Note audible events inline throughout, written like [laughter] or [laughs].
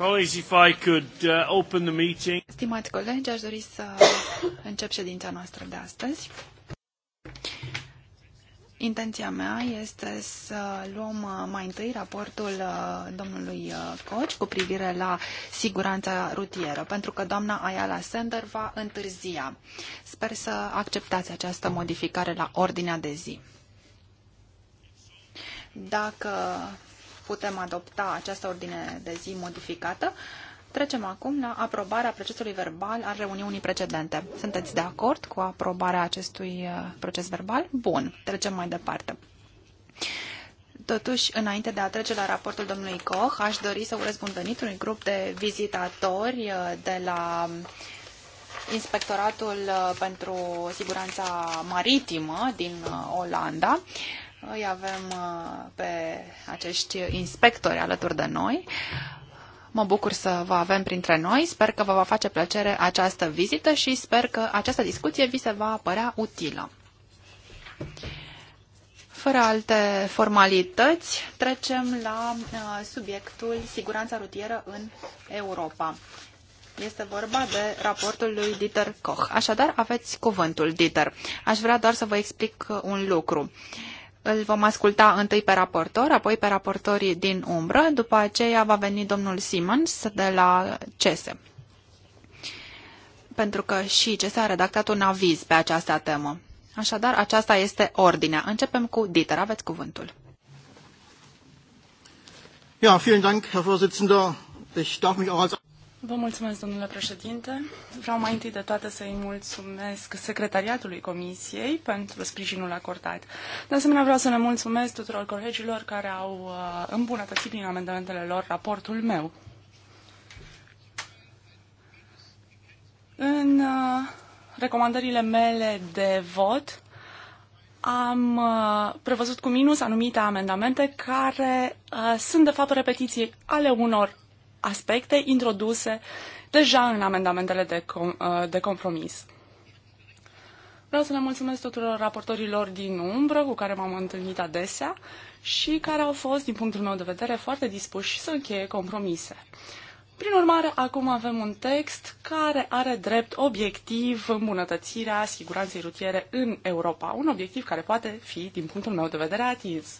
Uh, Stimați colegi, aș dori să încep ședința noastră de astăzi. Intenția mea este să luăm uh, mai întâi raportul uh, domnului Coci cu privire la siguranța rutieră, pentru că doamna Ayala Sender va întârzia. Sper să acceptați această modificare la ordinea de zi. Dacă putem adopta această ordine de zi modificată. Trecem acum la aprobarea procesului verbal al reuniunii precedente. Sunteți de acord cu aprobarea acestui uh, proces verbal? Bun, trecem mai departe. Totuși, înainte de a trece la raportul domnului Koch, aș dori să urez bun venit unui grup de vizitatori uh, de la Inspectoratul uh, pentru Siguranța Maritimă din Olanda. Îi avem uh, pe acești inspectori alături de noi. Mă bucur să vă avem printre noi. Sper că vă va face plăcere această vizită și sper că această discuție vi se va părea utilă. Fără alte formalități, trecem la uh, subiectul siguranța rutieră în Europa. Este vorba de raportul lui Dieter Koch. Așadar, aveți cuvântul, Dieter. Aș vrea doar să vă explic uh, un lucru. Uh, îl vom asculta întâi pe raportor, apoi pe raportorii din umbră, după aceea va veni domnul Simons de la CESE. Pentru că și CESE a redactat un aviz pe această temă. Așadar, aceasta este ordinea. Începem cu Dieter. Aveți cuvântul. Ja, vielen Dank, Herr Vorsitzender. Ich darf mich auch als Vă mulțumesc, domnule președinte. Vreau mai întâi de toate să-i mulțumesc secretariatului Comisiei pentru sprijinul acordat. De asemenea, vreau să le mulțumesc tuturor colegilor care au uh, îmbunătățit prin amendamentele lor raportul meu. În uh, recomandările mele de vot am uh, prevăzut cu minus anumite amendamente care sunt, de fapt, repetiții ale unor aspecte introduse deja în amendamentele de, com, uh, de compromis. Vreau să le mulțumesc tuturor raportorilor din umbră cu care m-am întâlnit adesea și care au fost, din punctul meu de vedere, foarte dispuși să încheie compromise. Prin urmare, acum avem un text care are drept obiectiv îmbunătățirea siguranței rutiere în Europa, un obiectiv care poate fi, din punctul meu de vedere, atins.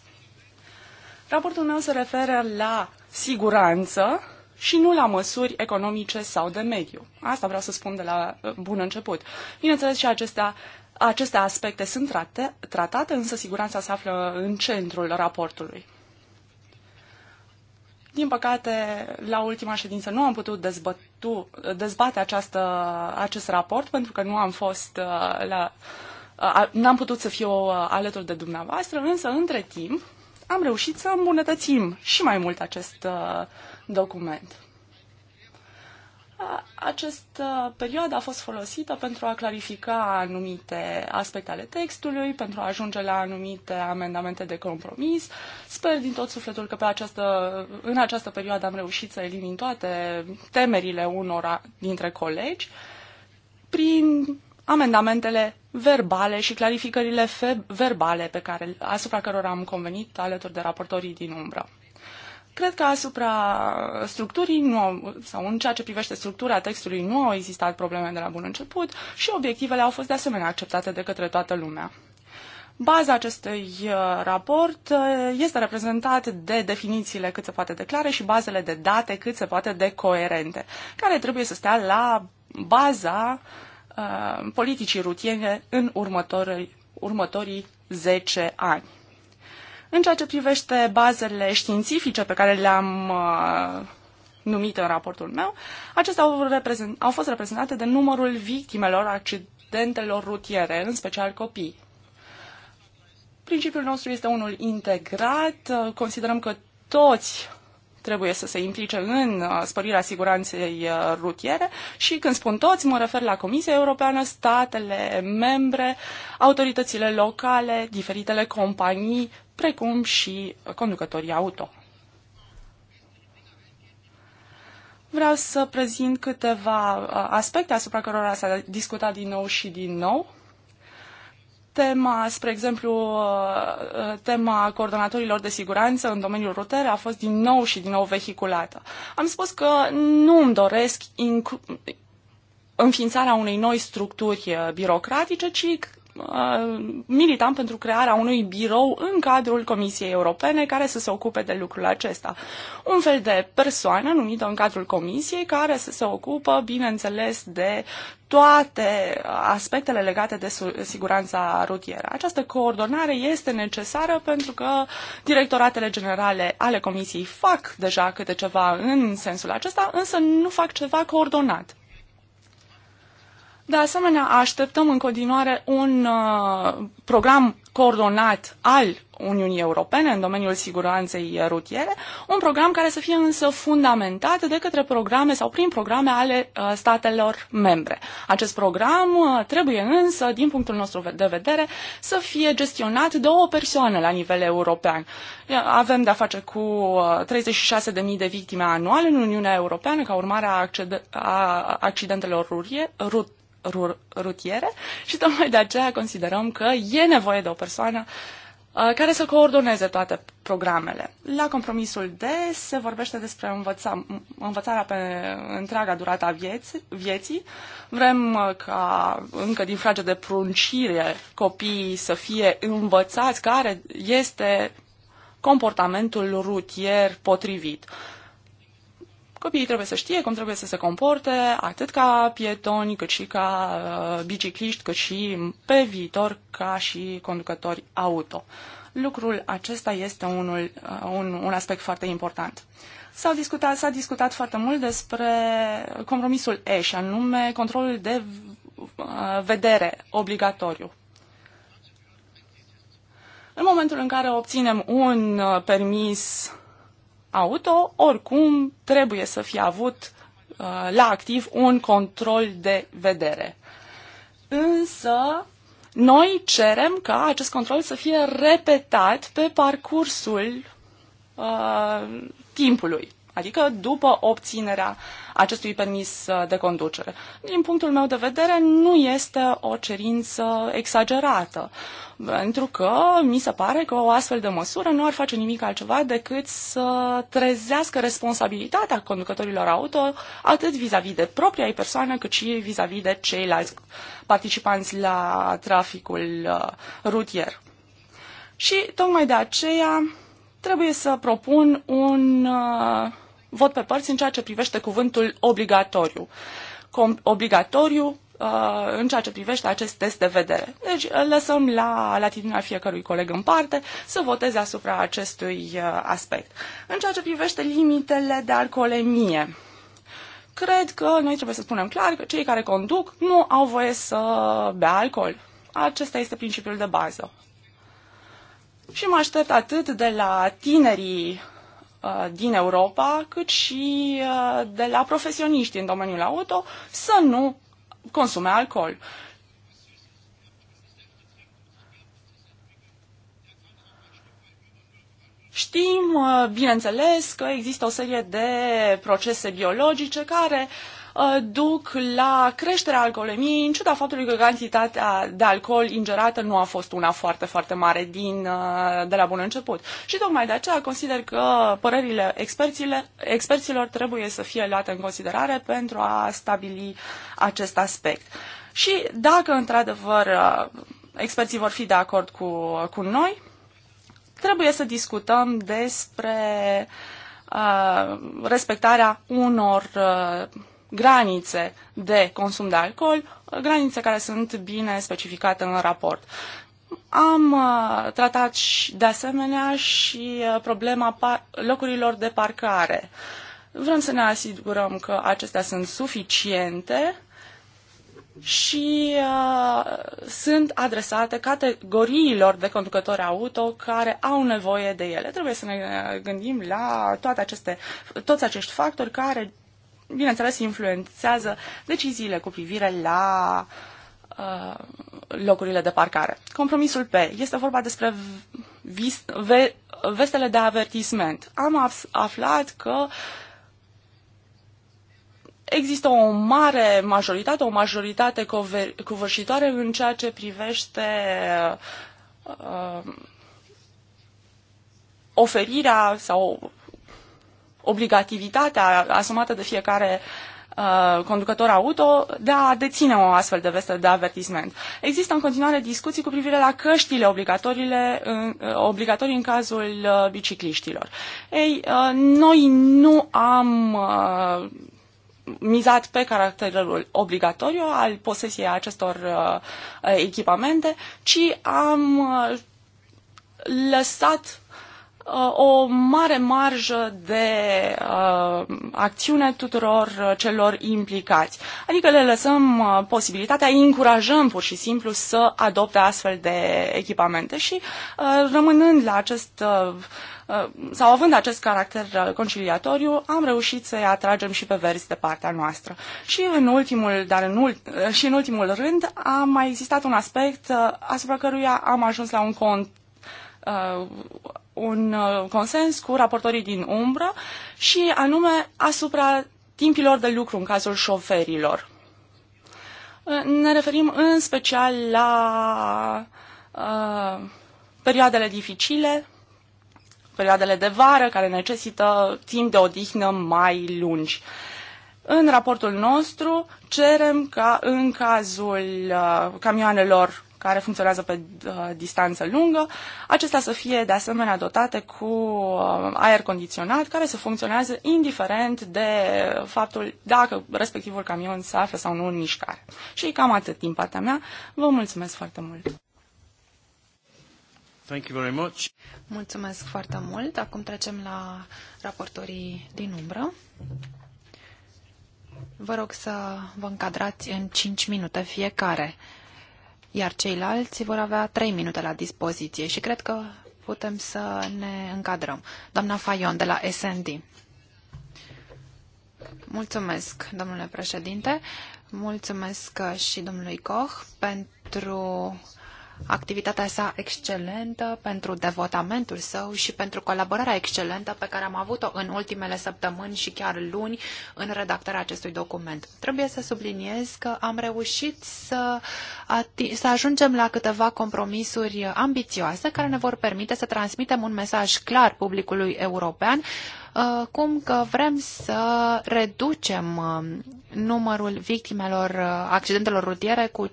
Raportul meu se referă la siguranță, și nu la măsuri economice sau de mediu. Asta vreau să spun de la uh, bun început. Bineînțeles și acestea aceste aspecte sunt trate, tratate, însă siguranța se află în centrul raportului. Din păcate, la ultima ședință nu am putut dezbătu, dezbate această, acest raport pentru că nu am fost uh, la. Uh, n-am putut să fiu alături de dumneavoastră, însă, între timp, am reușit să îmbunătățim și mai mult acest uh, document. Această uh, perioadă a fost folosită pentru a clarifica anumite aspecte ale textului, pentru a ajunge la anumite amendamente de compromis. Sper din tot sufletul că pe această, în această perioadă am reușit să elimin toate temerile unora dintre colegi prin amendamentele verbale și clarificările verbale pe care, asupra cărora am convenit alături de raportorii din umbră. Cred că asupra structurii nu au, sau în ceea ce privește structura textului nu au existat probleme de la bun început și obiectivele au fost de asemenea acceptate de către toată lumea. Baza acestui uh, raport uh, este reprezentat de definițiile cât se poate de clare și bazele de date cât se poate de coerente, care trebuie să stea la baza uh, Uh, politicii rutiere în următorii, următorii 10 ani. În ceea ce privește bazele științifice pe care le-am uh, numit în raportul meu, acestea au, reprezent, au fost reprezentate de numărul victimelor accidentelor rutiere, în special copii. Principiul nostru este unul integrat. Considerăm că toți trebuie să se implice în uh, spărirea siguranței uh, rutiere și când spun toți, mă refer la Comisia Europeană, statele membre, autoritățile locale, diferitele companii, precum și conducătorii auto. Vreau să prezint câteva uh, aspecte asupra cărora s-a discutat din nou și din nou. Tema, spre exemplu, uh, tema coordonatorilor de siguranță în domeniul rutier a fost din nou și din nou vehiculată. Am spus că nu îmi doresc înființarea unei noi structuri uh, birocratice, ci militam pentru crearea unui birou în cadrul Comisiei Europene care să se ocupe de lucrul acesta. Un fel de persoană numită în cadrul Comisiei care să se ocupă, bineînțeles, de toate aspectele legate de siguranța rutieră. Această coordonare este necesară pentru că directoratele generale ale Comisiei fac deja câte ceva în sensul acesta, însă nu fac ceva coordonat. De asemenea, așteptăm în continuare un uh, program coordonat al Uniunii Europene în domeniul siguranței rutiere, un program care să fie însă fundamentat de către programe sau prin programe ale uh, statelor membre. Acest program uh, trebuie însă, din punctul nostru de vedere, să fie gestionat de o persoană la nivel european. Avem de-a face cu 36.000 uh, de victime anuale în Uniunea Europeană ca urmare a, accidentelor rutiere rutiere și tocmai de aceea considerăm că e nevoie de o persoană uh, care să coordoneze toate programele. La compromisul D se vorbește despre învăța, învățarea pe întreaga durată a vieții, vieții. Vrem uh, ca încă din frage de pruncire copiii să fie învățați care este comportamentul rutier potrivit. Copiii trebuie să știe cum trebuie să se comporte, atât ca pietoni, cât și ca uh, bicicliști, cât și pe viitor ca și conducători auto. Lucrul acesta este unul, uh, un, un aspect foarte important. S-a discutat, s-a discutat foarte mult despre compromisul E, și anume controlul de uh, vedere obligatoriu. În momentul în care obținem un uh, permis auto, oricum trebuie să fie avut uh, la activ un control de vedere. Însă, noi cerem ca acest control să fie repetat pe parcursul uh, timpului adică după obținerea acestui permis de conducere. Din punctul meu de vedere, nu este o cerință exagerată, pentru că mi se pare că o astfel de măsură nu ar face nimic altceva decât să trezească responsabilitatea conducătorilor auto, atât vis-a-vis -vis de propria ei persoană, cât și vis-a-vis -vis de ceilalți participanți la traficul uh, rutier. Și tocmai de aceea trebuie să propun un uh, vot pe părți în ceea ce privește cuvântul obligatoriu. Com- obligatoriu uh, în ceea ce privește acest test de vedere. Deci lăsăm la latitudinea fiecărui coleg în parte să voteze asupra acestui uh, aspect. În ceea ce privește limitele de alcoolemie, cred că noi trebuie să spunem clar că cei care conduc nu au voie să bea alcool. Acesta este principiul de bază. Și mă aștept atât de la tinerii uh, din Europa, cât și uh, de la profesioniști în domeniul auto să nu consume alcool. Știm, uh, bineînțeles, că există o serie de procese biologice care uh, Uh, duc la creșterea alcoolemiei, în ciuda faptului că cantitatea de alcool ingerată nu a fost una foarte, foarte mare din, uh, de la bun început. Și tocmai de aceea consider că părerile experților trebuie să fie luate în considerare pentru a stabili acest aspect. Și dacă, într-adevăr, uh, experții vor fi de acord cu, cu noi, trebuie să discutăm despre uh, respectarea unor uh, granițe de consum de alcool, granițe care sunt bine specificate în raport. Am uh, tratat și, de asemenea și uh, problema locurilor de parcare. Vrem să ne asigurăm că acestea sunt suficiente și uh, sunt adresate categoriilor de conducători auto care au nevoie de ele. Trebuie să ne uh, gândim la toate aceste, toți acești factori care bineînțeles, influențează deciziile cu privire la uh, locurile de parcare. Compromisul P este vorba despre vis, ve, vestele de avertisment. Am aflat că există o mare majoritate, o majoritate cover, covârșitoare în ceea ce privește uh, oferirea sau obligativitatea asumată de fiecare uh, conducător auto de a deține o astfel de vestă de avertisment. Există în continuare discuții cu privire la căștile uh, obligatorii în cazul uh, bicicliștilor. Ei, noi nu am mizat pe caracterul obligatoriu al posesiei acestor echipamente, ci am lăsat o mare marjă de uh, acțiune tuturor celor implicați. Adică le lăsăm uh, posibilitatea, îi încurajăm pur și simplu să adopte astfel de echipamente și uh, rămânând la acest uh, uh, sau având acest caracter conciliatoriu, am reușit să-i atragem și pe verzi de partea noastră. Și în ultimul, dar în ult- și în ultimul rând, a mai existat un aspect uh, asupra căruia am ajuns la un cont Uh, un uh, consens cu raportorii din umbră și anume asupra timpilor de lucru în cazul șoferilor. Uh, ne referim în special la uh, perioadele dificile, perioadele de vară care necesită timp de odihnă mai lungi. În raportul nostru cerem ca în cazul uh, camioanelor care funcționează pe uh, distanță lungă, acestea să fie de asemenea dotate cu uh, aer condiționat care să funcționează indiferent de faptul dacă respectivul camion se află sau nu în mișcare. Și cam atât din partea mea. Vă mulțumesc foarte mult! Thank you very much. Mulțumesc foarte mult. Acum trecem la raportorii din umbră. Vă rog să vă încadrați în 5 minute fiecare iar ceilalți vor avea trei minute la dispoziție și cred că putem să ne încadrăm. Doamna Fayon de la SND. Mulțumesc, domnule președinte. Mulțumesc și domnului Koch pentru activitatea sa excelentă, pentru devotamentul său și pentru colaborarea excelentă pe care am avut-o în ultimele săptămâni și chiar luni în redactarea acestui document. Trebuie să subliniez că am reușit să, să ajungem la câteva compromisuri ambițioase care ne vor permite să transmitem un mesaj clar publicului european Uh, cum că vrem să reducem uh, numărul victimelor uh, accidentelor rutiere cu 50%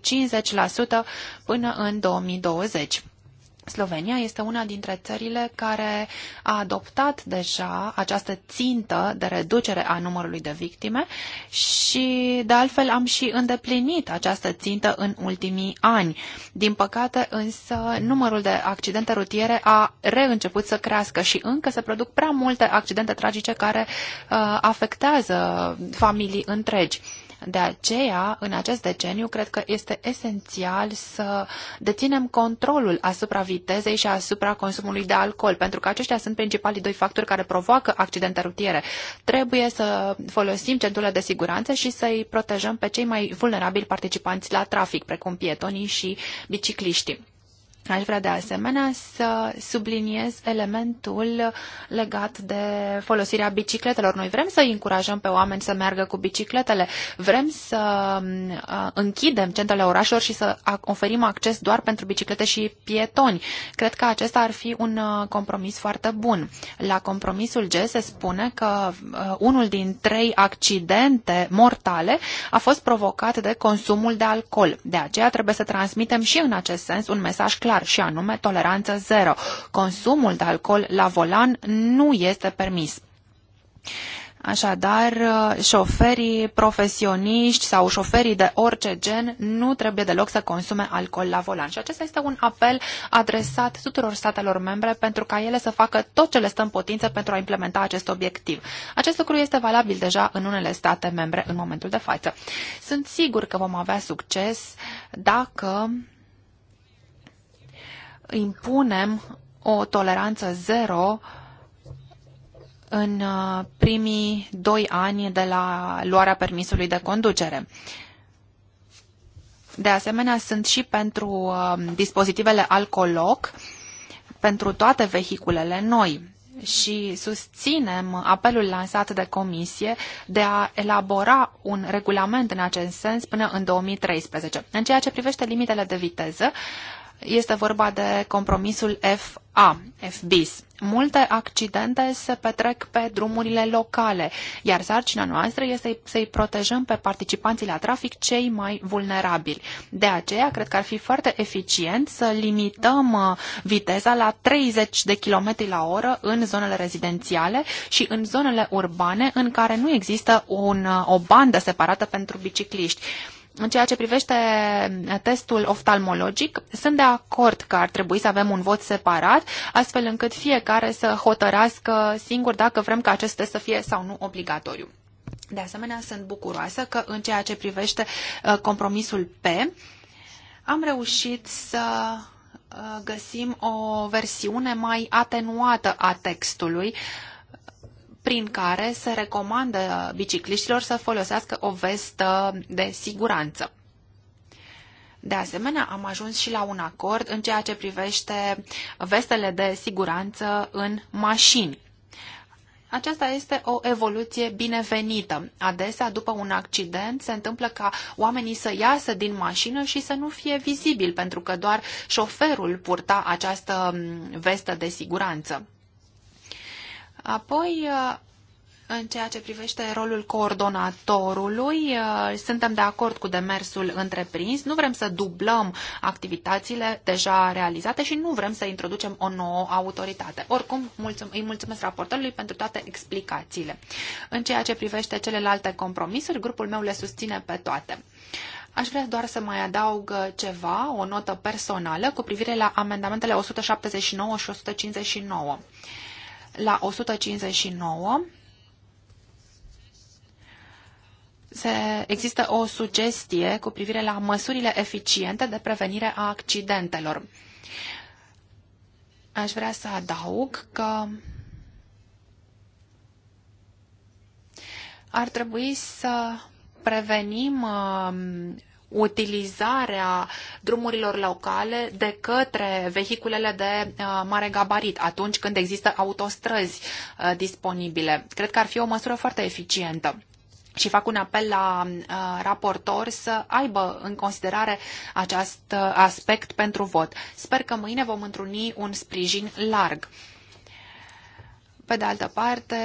până în 2020. Slovenia este una dintre țările care a adoptat deja această țintă de reducere a numărului de victime și, de altfel, am și îndeplinit această țintă în ultimii ani. Din păcate, însă, numărul de accidente rutiere a reînceput să crească și încă se produc prea multe accidente tragice care uh, afectează familii întregi. De aceea, în acest deceniu, cred că este esențial să deținem controlul asupra vitezei și asupra consumului de alcool, pentru că aceștia sunt principalii doi factori care provoacă accidente rutiere. Trebuie să folosim centurile de siguranță și să-i protejăm pe cei mai vulnerabili participanți la trafic, precum pietonii și bicicliștii. Aș vrea de asemenea să subliniez elementul legat de folosirea bicicletelor. Noi vrem să încurajăm pe oameni să meargă cu bicicletele, vrem să mm, uh, închidem centrele orașelor și să oferim acces doar pentru biciclete și pietoni. Cred că acesta ar fi un uh, compromis foarte bun. La compromisul G se spune că uh, unul din trei accidente mortale a fost provocat de consumul de alcool. De aceea trebuie să transmitem și în acest sens un mesaj clar clar și anume toleranță zero. Consumul de alcool la volan nu este permis. Așadar, șoferii profesioniști sau șoferii de orice gen nu trebuie deloc să consume alcool la volan. Și acesta este un apel adresat tuturor statelor membre pentru ca ele să facă tot ce le stă în potință pentru a implementa acest obiectiv. Acest lucru este valabil deja în unele state membre în momentul de față. Sunt sigur că vom avea succes dacă impunem o toleranță zero în uh, primii doi ani de la luarea permisului de conducere. De asemenea, sunt și pentru uh, dispozitivele alcooloc, pentru toate vehiculele noi și susținem apelul lansat de comisie de a elabora un regulament în acest sens până în 2013. În ceea ce privește limitele de viteză, este vorba de compromisul FA, FBIS. Multe accidente se petrec pe drumurile locale, iar sarcina noastră este să-i protejăm pe participanții la trafic cei mai vulnerabili. De aceea, cred că ar fi foarte eficient să limităm uh, viteza la 30 de km la oră în zonele rezidențiale și în zonele urbane în care nu există un, uh, o bandă separată pentru bicicliști în ceea ce privește testul oftalmologic, sunt de acord că ar trebui să avem un vot separat, astfel încât fiecare să hotărască singur dacă vrem ca acest test să fie sau nu obligatoriu. De asemenea, sunt bucuroasă că în ceea ce privește uh, compromisul P, am reușit să uh, găsim o versiune mai atenuată a textului, prin care se recomandă bicicliștilor să folosească o vestă de siguranță. De asemenea, am ajuns și la un acord în ceea ce privește vestele de siguranță în mașini. Aceasta este o evoluție binevenită. Adesea, după un accident, se întâmplă ca oamenii să iasă din mașină și să nu fie vizibil, pentru că doar șoferul purta această mm, vestă de siguranță. Apoi, uh, în ceea ce privește rolul coordonatorului, uh, suntem de acord cu demersul întreprins, nu vrem să dublăm activitățile deja realizate și nu vrem să introducem o nouă autoritate. Oricum, mulțum, îi mulțumesc raportorului pentru toate explicațiile. În ceea ce privește celelalte compromisuri, grupul meu le susține pe toate. Aș vrea doar să mai adaug ceva, o notă personală cu privire la amendamentele 179 și 159 la 159 se, există o sugestie cu privire la măsurile eficiente de prevenire a accidentelor. Aș vrea să adaug că ar trebui să prevenim um, utilizarea drumurilor locale de către vehiculele de uh, mare gabarit atunci când există autostrăzi uh, disponibile. Cred că ar fi o măsură foarte eficientă și fac un apel la uh, raportor să aibă în considerare acest uh, aspect pentru vot. Sper că mâine vom întruni un sprijin larg. Pe de altă parte,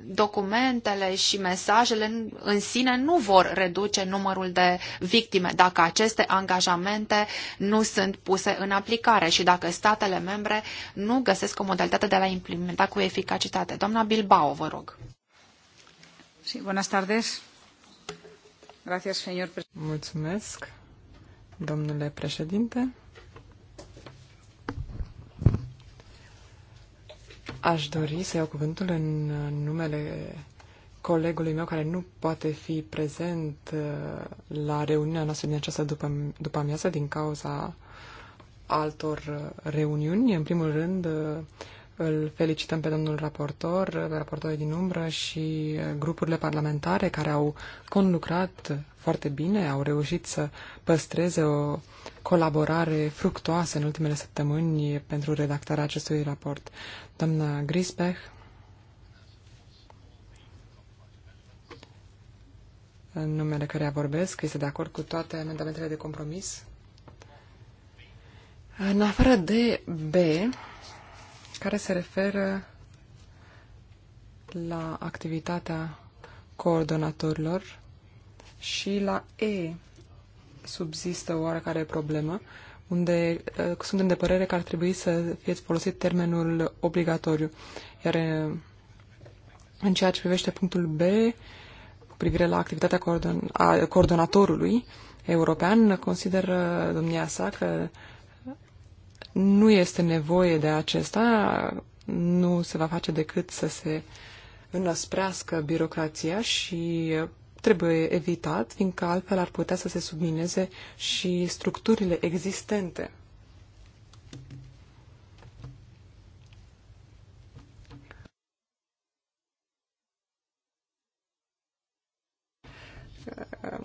documentele și mesajele în sine nu vor reduce numărul de victime dacă aceste angajamente nu sunt puse în aplicare și dacă statele membre nu găsesc o modalitate de a le implementa cu eficacitate. Doamna Bilbao, vă rog. Sí, buenas tardes. Gracias, señor Mulțumesc, domnule președinte. Aș dori să iau cuvântul în numele colegului meu care nu poate fi prezent uh, la reuniunea noastră din această după, după amiază din cauza altor uh, reuniuni. În primul rând, uh, îl felicităm pe domnul raportor, pe raportorii din umbră și grupurile parlamentare care au conlucrat foarte bine, au reușit să păstreze o colaborare fructoasă în ultimele săptămâni pentru redactarea acestui raport. Doamna Grisbech, în numele căreia vorbesc, este de acord cu toate amendamentele de compromis. În afară de B, care se referă la activitatea coordonatorilor și la E subzistă o oarecare problemă, unde uh, suntem de părere că ar trebui să fie folosit termenul obligatoriu. Iar uh, în ceea ce privește punctul B, cu privire la activitatea coordon- a coordonatorului european, consideră domnia sa că nu este nevoie de acesta, nu se va face decât să se înăsprească birocrația și trebuie evitat, fiindcă altfel ar putea să se submineze și structurile existente.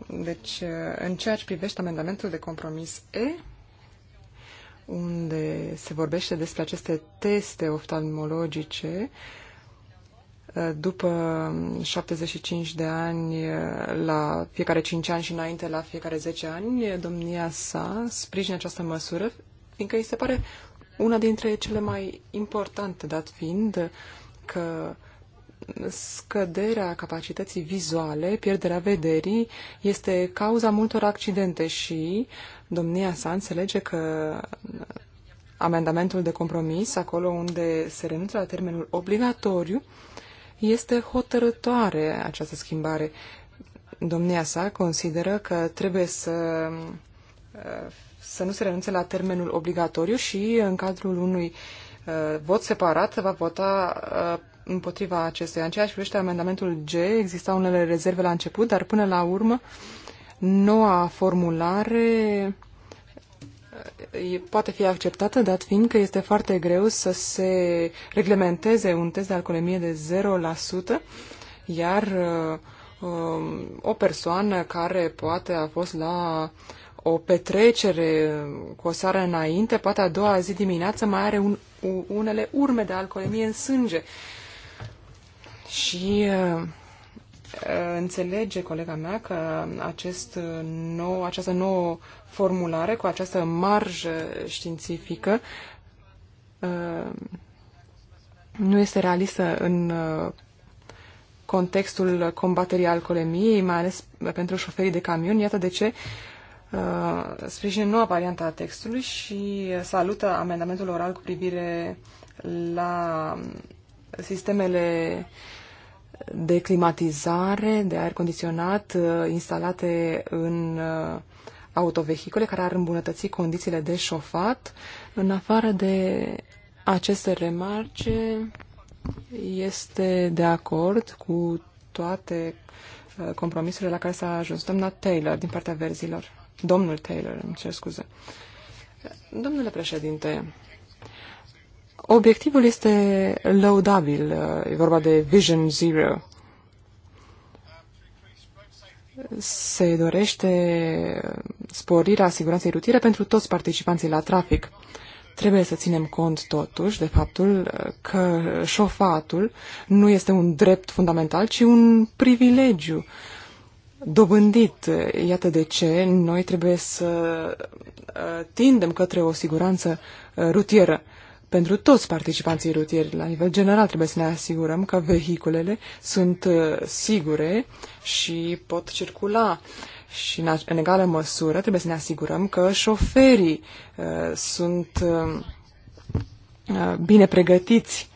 Deci, în ceea ce privește amendamentul de compromis E, unde se vorbește despre aceste teste oftalmologice uh, după 75 de ani, uh, la fiecare 5 ani și înainte la fiecare 10 ani, domnia sa sprijină această măsură, fiindcă îi se pare una dintre cele mai importante, dat fiind că scăderea capacității vizuale, pierderea vederii, este cauza multor accidente și domnia sa înțelege că amendamentul de compromis, acolo unde se renunță la termenul obligatoriu, este hotărătoare această schimbare. Domnia sa consideră că trebuie să, să nu se renunțe la termenul obligatoriu și în cadrul unui uh, vot separat va vota uh, împotriva acestuia. În ceea ce privește amendamentul G, exista unele rezerve la început, dar până la urmă uh, Noua formulare poate fi acceptată, dat fiind că este foarte greu să se reglementeze un test de alcoolemie de 0%, iar uh, um, o persoană care poate a fost la o petrecere cu o seară înainte, poate a doua zi dimineață mai are un, unele urme de alcoolemie în sânge. Și uh, înțelege colega mea că acest nou, această nouă formulare cu această marjă științifică uh, nu este realistă în uh, contextul combaterii alcoolemiei, mai ales pentru șoferii de camion. Iată de ce uh, sprijină noua variantă a textului și salută amendamentul oral cu privire la sistemele uh, de climatizare, de aer condiționat uh, instalate în uh, autovehicule care ar îmbunătăți condițiile de șofat. În afară de aceste remarce, este de acord cu toate uh, compromisurile la care s-a ajuns. Doamna Taylor, din partea verzilor. Domnul Taylor, îmi cer scuze. Domnule președinte, Obiectivul este laudabil, e vorba de Vision Zero. Se dorește sporirea siguranței rutiere pentru toți participanții la trafic. Trebuie să ținem cont totuși de faptul uh, că șofatul nu este un drept fundamental, ci un privilegiu dobândit. Iată de ce noi trebuie să uh, tindem către o siguranță uh, rutieră pentru toți participanții rutieri. La nivel general trebuie să ne asigurăm că vehiculele sunt uh, sigure și pot circula. Și în, egală măsură trebuie să ne asigurăm că șoferii uh, sunt uh, uh, bine pregătiți.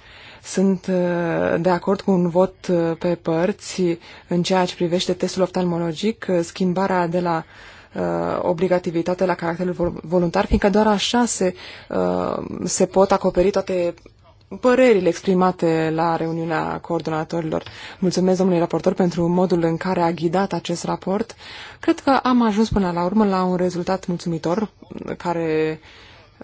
Sunt uh, de acord cu un vot uh, pe părți în ceea ce privește testul oftalmologic, uh, schimbarea de la uh, uh, obligativitate la caracterul voluntar, fiindcă doar așa se, uh, se pot acoperi toate părerile exprimate la reuniunea coordonatorilor. Mulțumesc, domnului raportor, pentru modul în care a ghidat acest raport. Cred că am ajuns până la urmă la un rezultat mulțumitor, care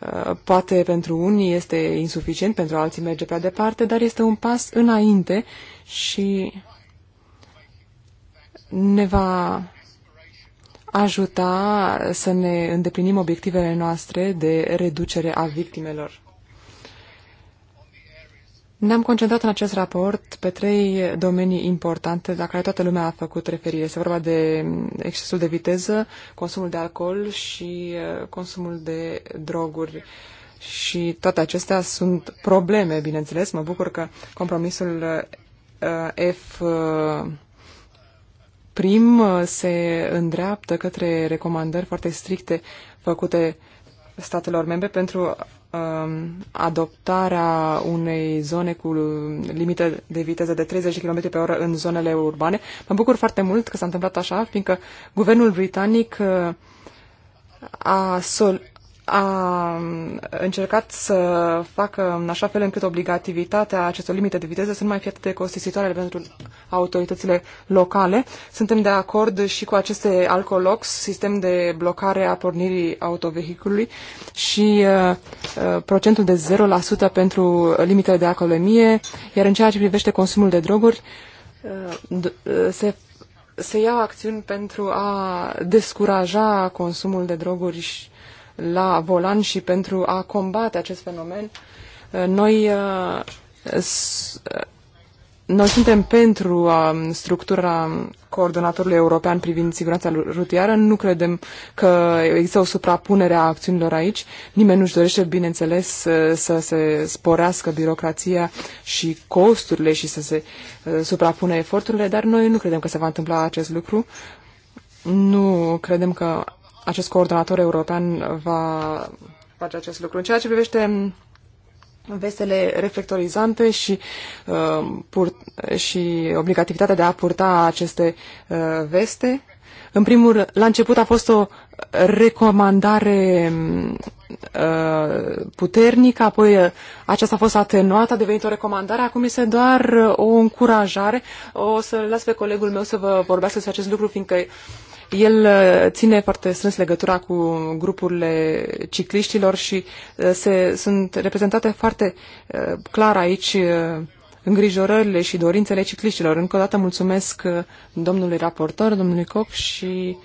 uh, poate pentru unii este insuficient, pentru alții merge prea departe, dar este un pas înainte și ne va ajuta să ne îndeplinim obiectivele noastre de reducere a victimelor. Ne-am concentrat în acest raport pe trei domenii importante la care toată lumea a făcut referire. Este vorba de excesul de viteză, consumul de alcool și uh, consumul de droguri. Și toate acestea sunt probleme, bineînțeles. Mă bucur că compromisul uh, F uh, prim se îndreaptă către recomandări foarte stricte făcute statelor membre pentru um, adoptarea unei zone cu limită de viteză de 30 km pe oră în zonele urbane. Mă bucur foarte mult că s-a întâmplat așa, fiindcă guvernul britanic uh, a, sol- a um, încercat să facă în așa fel încât obligativitatea acestor limite de viteză să nu mai fie atât de costisitoare pentru autoritățile locale. Suntem de acord și cu aceste alcolox, sistem de blocare a pornirii autovehiculului și uh, uh procentul de 0% pentru limitele de acolemie, iar în ceea ce privește consumul de droguri, uh, uh se se iau acțiuni pentru a descuraja consumul de droguri și la volan și pentru a combate acest fenomen, uh, noi, uh, uh, noi suntem pentru um, structura coordonatorului european privind siguranța rutieră. Nu credem că există o suprapunere a acțiunilor aici. Nimeni nu-și dorește, bineînțeles, să, se sporească birocrația și costurile și să se suprapune eforturile, dar noi nu credem că se va întâmpla acest lucru. Nu credem că acest coordonator european va face acest lucru. În ceea ce privește vestele reflectorizante și, uh, pur, și obligativitatea de a purta aceste uh, veste. În primul rând, la început a fost o recomandare uh, puternică, apoi uh, aceasta a fost atenuată, a devenit o recomandare, acum este doar uh, o încurajare. O să las pe colegul meu să vă vorbească despre acest lucru, fiindcă el uh, ține foarte strâns legătura cu grupurile cicliștilor și uh, se, sunt reprezentate foarte uh, clar aici îngrijorările și dorințele cicliștilor. Încă o dată mulțumesc domnului raportor, domnului Coc și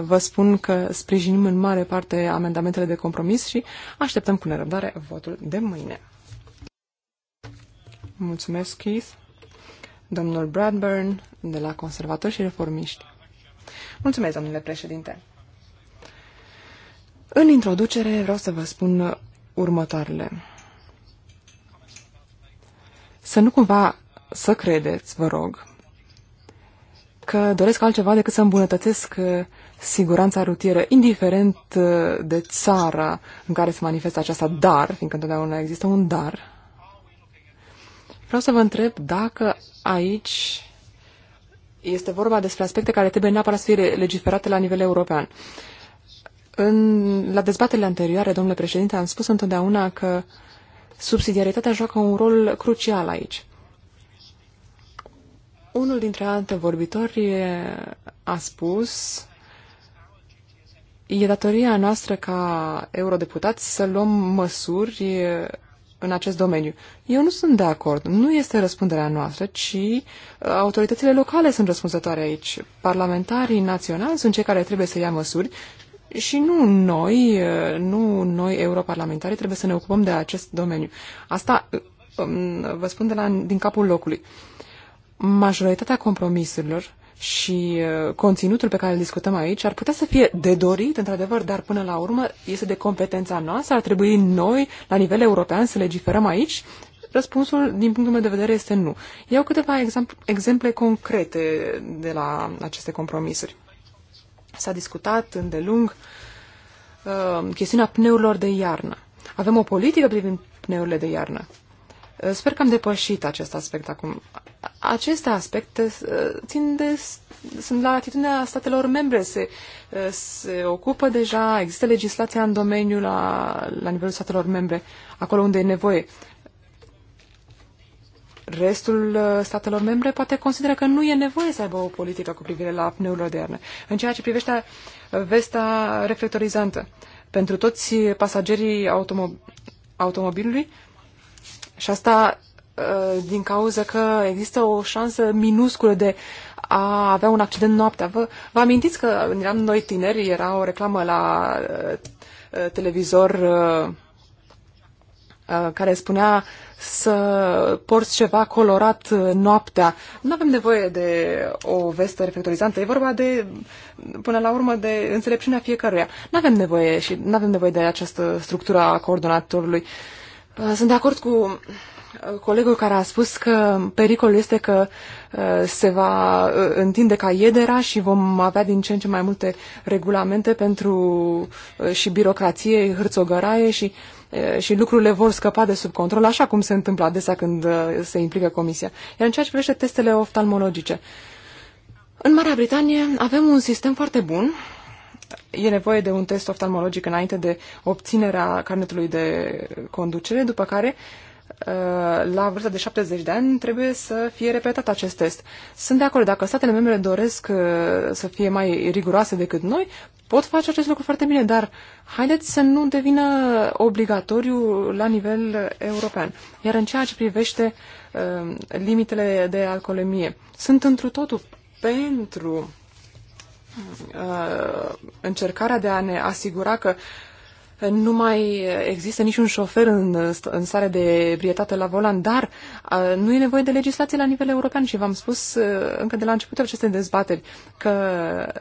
vă spun că sprijinim în mare parte amendamentele de compromis și așteptăm cu nerăbdare votul de mâine. Mulțumesc, Keith. Domnul Bradburn, de la Conservatori și Reformiști. Mulțumesc, domnule președinte. În introducere vreau să vă spun următoarele. Să nu cumva să credeți, vă rog, că doresc altceva decât să îmbunătățesc uh, siguranța rutieră, indiferent uh, de țara în care se manifestă aceasta, dar, fiindcă întotdeauna există un dar, vreau să vă întreb dacă aici este vorba despre aspecte care trebuie neapărat să fie legiferate la nivel european. În, la dezbaterile anterioare, domnule președinte, am spus întotdeauna că subsidiaritatea joacă un rol crucial aici. Unul dintre antevorbitori a spus e datoria noastră ca eurodeputați să luăm măsuri în acest domeniu. Eu nu sunt de acord. Nu este răspunderea noastră, ci uh, autoritățile locale sunt răspunzătoare aici. Parlamentarii naționali sunt cei care trebuie să ia măsuri și nu noi, uh, nu noi europarlamentarii trebuie să ne ocupăm de acest domeniu. Asta uh, um, vă spun de la, din capul locului. Majoritatea compromisurilor și uh, conținutul pe care îl discutăm aici ar putea să fie de dorit, într-adevăr, dar până la urmă este de competența noastră, ar trebui noi, la nivel european, să legiferăm aici? Răspunsul, din punctul meu de vedere, este nu. Iau câteva exemple concrete de la aceste compromisuri. S-a discutat îndelung uh, chestiunea pneurilor de iarnă. Avem o politică privind pneurile de iarnă. Uh, sper că am depășit acest aspect acum aceste aspecte uh, țin de, sunt la atitudinea statelor membre. Se, uh, se ocupă deja, există legislația în domeniu la, la nivelul statelor membre, acolo unde e nevoie. Restul uh, statelor membre poate consideră că nu e nevoie să aibă o politică cu privire la pneurile de iarnă. În ceea ce privește vesta reflectorizantă, pentru toți pasagerii automo- automobilului, și asta Uh, din cauza că există o șansă minusculă de a avea un accident noaptea. Vă, vă amintiți că eram noi tineri, era o reclamă la uh, uh televizor uh, uh, care spunea să porți ceva colorat uh, noaptea. Nu avem nevoie de o vestă reflectorizantă, e vorba de, până la urmă, de înțelepciunea fiecăruia. Nu avem nevoie și nu avem nevoie de această structură a coordonatorului. Sunt de acord cu colegul care a spus că pericolul este că uh, se va uh, întinde ca iedera și vom avea din ce în ce mai multe regulamente pentru uh, și birocrație, hârțogăraie și, și lucrurile vor scăpa de sub control, așa cum se întâmplă adesea când se implică comisia. Iar în ceea ce privește testele oftalmologice, în Marea Britanie avem un sistem foarte bun e nevoie de un test oftalmologic înainte de obținerea carnetului de conducere, după care Uh, la vârsta de 70 de ani trebuie să fie repetat acest test. Sunt de acord, dacă statele membre doresc uh, să fie mai riguroase decât noi, pot face acest lucru foarte bine, dar haideți să nu devină obligatoriu la nivel european. Iar în ceea ce privește uh, limitele de alcoolemie, sunt întru totul pentru încercarea de a ne asigura că uh, nu mai există niciun șofer în, în stare de prietate la volan, dar nu e nevoie de legislație la nivel european și v-am spus încă de la începutul acestei dezbateri că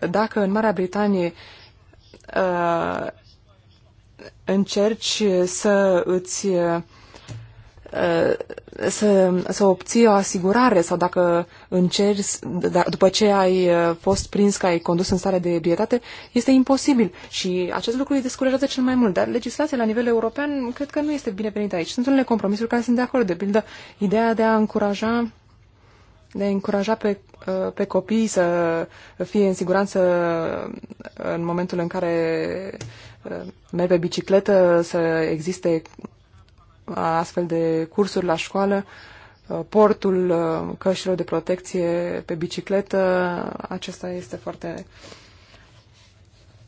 dacă în Marea Britanie încerci să îți Uh, să, să obții o asigurare sau dacă încerci, da, după ce ai uh, fost prins că ai condus în stare de ebrietate, este imposibil. Și acest lucru îi descurajează cel mai mult. Dar legislația la nivel european cred că nu este binevenită aici. Sunt unele compromisuri care sunt de acord. De pildă, ideea de a încuraja de a încuraja pe, uh, pe copii să fie în siguranță în momentul în care merg pe bicicletă, să existe astfel de cursuri la școală, uh, portul uh, căștilor de protecție pe bicicletă, uh, acesta este foarte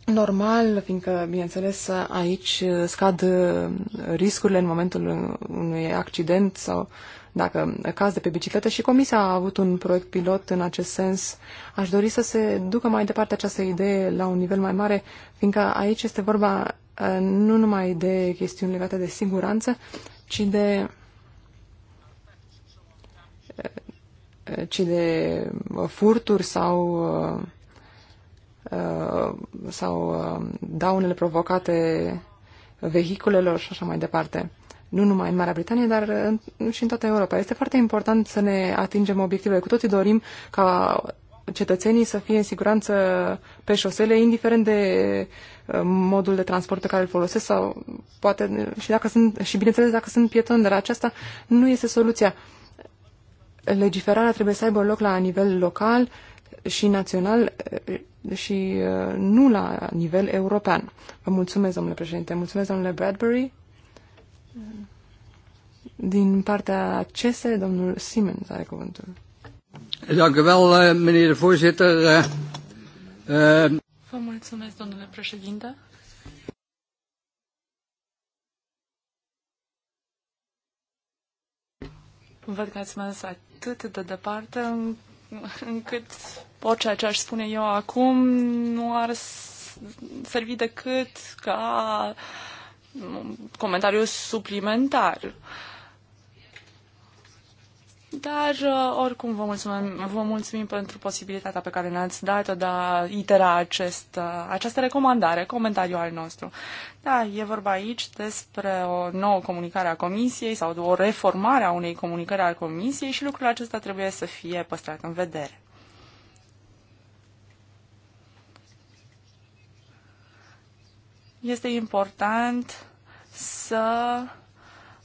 normal, fiindcă, bineînțeles, aici scad riscurile în momentul unui accident sau dacă caz de pe bicicletă și Comisia a avut un proiect pilot în acest sens. Aș dori să se ducă mai departe această idee la un nivel mai mare, fiindcă aici este vorba Uh, nu numai de chestiuni legate de siguranță, ci de uh, ci de uh, furturi sau sau daunele provocate vehiculelor și așa mai departe. Nu numai în Marea Britanie, dar și în toată Europa. Este foarte important să ne atingem obiectivele. Cu toții dorim ca cetățenii să fie în siguranță pe șosele, indiferent de uh, modul de transport pe care îl folosesc sau poate uh, și dacă sunt, și bineînțeles dacă sunt pietoni, dar aceasta nu este soluția. Legiferarea trebuie să aibă loc la nivel local și național uh, și nu la nivel european. Vă mulțumesc, domnule președinte. Mulțumesc, domnule Bradbury. Din partea CESE, domnul Siemens are cuvântul. Dank u wel, eh, meneer de voorzitter. Eh, eh, Vă mulțumesc, domnule președinte. Văd că ați mers atât de departe încât orice ce aș spune eu acum nu ar servi decât ca comentariu suplimentar. Uh, dar uh, oricum vă mulțumim, vă mulțumim pentru posibilitatea pe care ne-ați dat-o de a itera acest, uh, această recomandare, comentariul al nostru. Da, e vorba aici despre o nouă comunicare a Comisiei sau o reformare a unei comunicări a Comisiei și lucrul acesta trebuie să fie păstrat în vedere. Este important să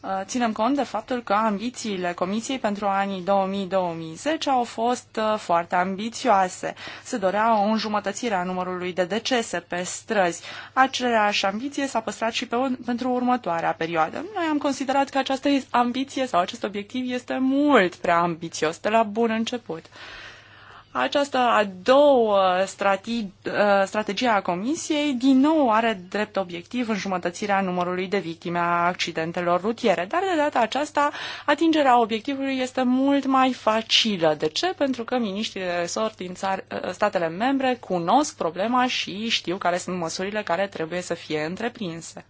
Uh, ținem cont de faptul că ambițiile Comisiei pentru anii 2000-2010 au fost uh, foarte ambițioase. Se dorea o înjumătățire a numărului de decese pe străzi. Aceleași ambiție s-a păstrat și pe, pentru următoarea perioadă. Noi am considerat că această ambiție sau acest obiectiv este mult prea ambițios de la bun început. Această a doua uh, strategie a Comisiei din nou are drept obiectiv înjumătățirea numărului de victime a accidentelor rutiere, dar de data aceasta atingerea obiectivului este mult mai facilă. De ce? Pentru că miniștrii de resort din țar- uh, statele membre cunosc problema și știu care sunt măsurile care trebuie să fie întreprinse.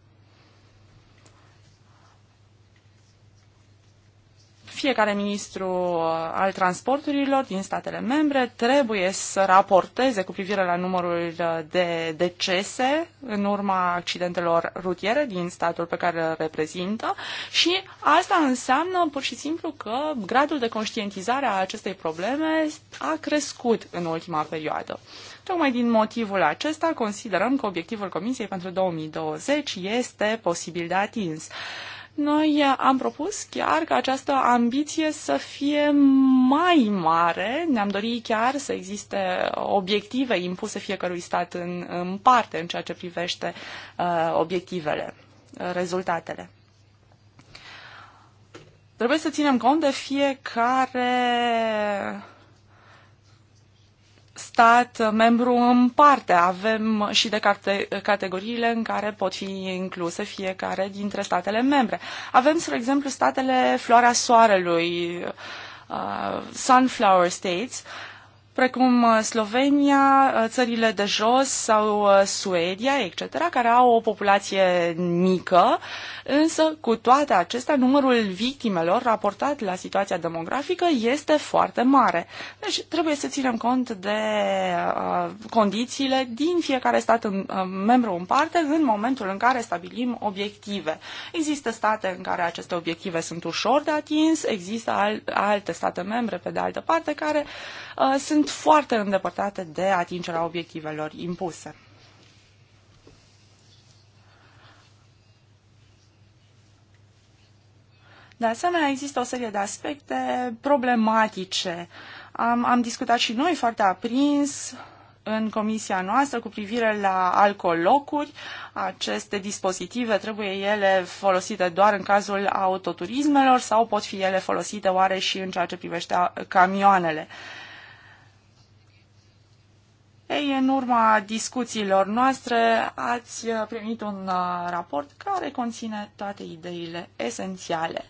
fiecare ministru uh, al transporturilor din statele membre trebuie să raporteze cu privire la numărul uh, de decese în urma accidentelor rutiere din statul pe care îl reprezintă și asta înseamnă pur și simplu că gradul de conștientizare a acestei probleme a crescut în ultima perioadă. Tocmai din motivul acesta considerăm că obiectivul Comisiei pentru 2020 este posibil de atins. Noi eh, am propus chiar ca această ambiție să fie mai mare, ne-am dorit chiar să existe obiective impuse fiecărui stat în, în parte în ceea ce privește uh, obiectivele, eh, rezultatele. Trebuie să ținem cont de fiecare stat membru în parte. Avem și de carte, categoriile în care pot fi incluse fiecare dintre statele membre. Avem, spre exemplu, statele Floarea Soarelui, uh, Sunflower States, precum uh, Slovenia, uh, țările de jos sau uh, Suedia, etc., care au o populație mică, însă cu toate acestea numărul victimelor raportat la situația demografică este foarte mare. Deci trebuie să ținem cont de uh, condițiile din fiecare stat în, uh, membru în parte în momentul în care stabilim obiective. Există state în care aceste obiective sunt ușor de atins, există al, alte state membre, pe de altă parte, care uh, sunt foarte îndepărtate de atingerea obiectivelor impuse. De asemenea, există o serie de aspecte problematice. Am, am discutat și noi foarte aprins în comisia noastră cu privire la alcolocuri. Aceste dispozitive trebuie ele folosite doar în cazul autoturismelor sau pot fi ele folosite oare și în ceea ce privește camioanele. Uh, ei, în urma discuțiilor noastre ați primit un uh, raport care conține toate ideile esențiale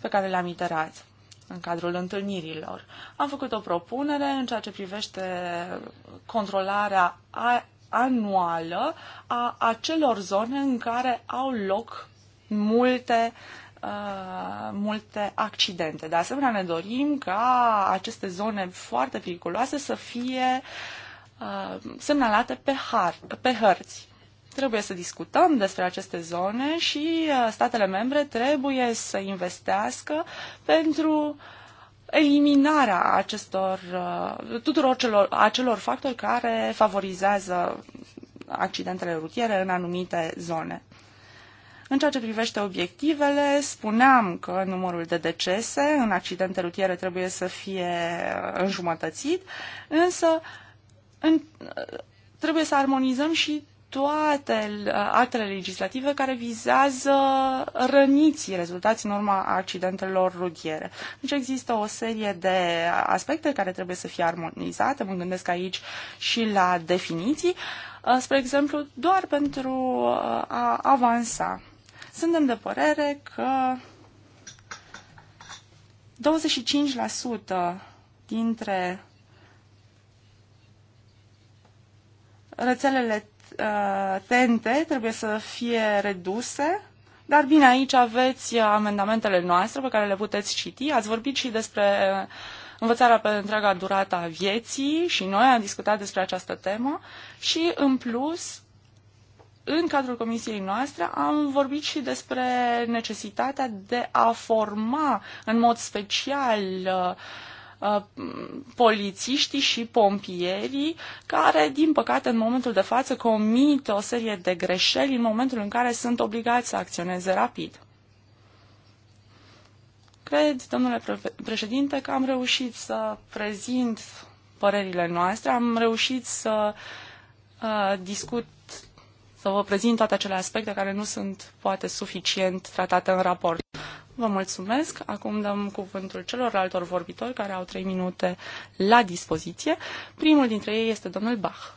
pe care le-am iterat în cadrul întâlnirilor. Am făcut o propunere în ceea ce privește controlarea anuală a acelor zone în care au loc multe Uh, multe accidente. De asemenea, ne dorim ca aceste zone foarte periculoase să fie uh, Uh, semnalate pe, har, pe hărți. Trebuie să discutăm despre aceste zone și uh, statele membre trebuie să investească pentru eliminarea acestor, uh, tuturor celor, acelor factori care favorizează accidentele rutiere în anumite zone. În ceea ce privește obiectivele, spuneam că numărul de decese în accidente rutiere trebuie să fie înjumătățit, însă uh, în, trebuie să armonizăm și toate uh, actele legislative care vizează răniții rezultați în urma accidentelor rutiere. Deci există o serie de aspecte care trebuie să fie armonizate, mă gândesc aici și la definiții, uh, spre exemplu, doar pentru uh, a avansa. Suntem de părere că 25% dintre rețelele uh, tente trebuie să fie reduse, dar bine, aici aveți amendamentele noastre pe care le puteți citi. Ați vorbit și despre uh, învățarea pe întreaga durată a vieții și noi am discutat despre această temă și, în plus, în cadrul comisiei noastre am vorbit și despre necesitatea de a forma în mod special uh, Uh, polițiștii și pompierii care, din păcate, în momentul de față comit o serie de greșeli în momentul în care sunt obligați să acționeze rapid. Cred, domnule președinte, că am reușit să prezint părerile noastre, am reușit să uh, discut, să vă prezint toate acele aspecte care nu sunt, poate, suficient tratate în raport. Vă mulțumesc. Acum dăm cuvântul celorlaltor vorbitori care au trei minute la dispoziție. Primul dintre ei este domnul Bach.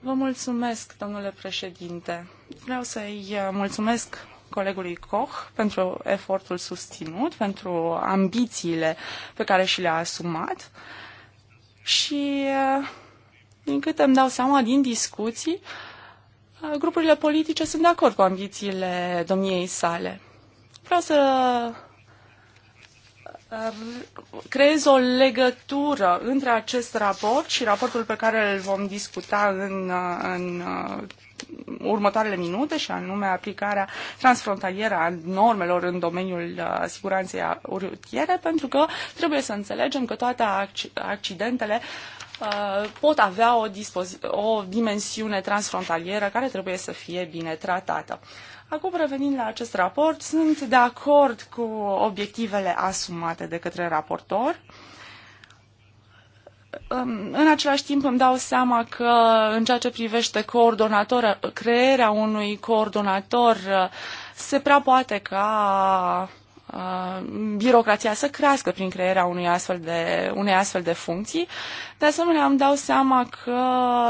Vă mulțumesc, domnule președinte. Vreau să-i uh, mulțumesc colegului Koch pentru efortul susținut, pentru ambițiile pe care și le-a asumat și, uh, din câte îmi dau seama din discuții, uh, grupurile politice sunt de acord cu ambițiile domniei sale. Vreau să uh, creez o legătură între acest raport și raportul pe care îl vom discuta în, uh, în uh, următoarele minute și anume aplicarea transfrontalieră a normelor în domeniul siguranței rutiere pentru că trebuie să înțelegem că toate accidentele Uh, pot avea o, o dimensiune transfrontalieră care trebuie să fie bine tratată. Acum, revenind la acest raport, sunt de acord cu obiectivele asumate de către raportor. Um, în același timp îmi dau seama că în ceea ce privește coordonator, crearea unui coordonator uh, se prea poate ca Uh, birocrația să crească prin crearea unui astfel de, unei astfel de funcții. De asemenea, îmi dau seama că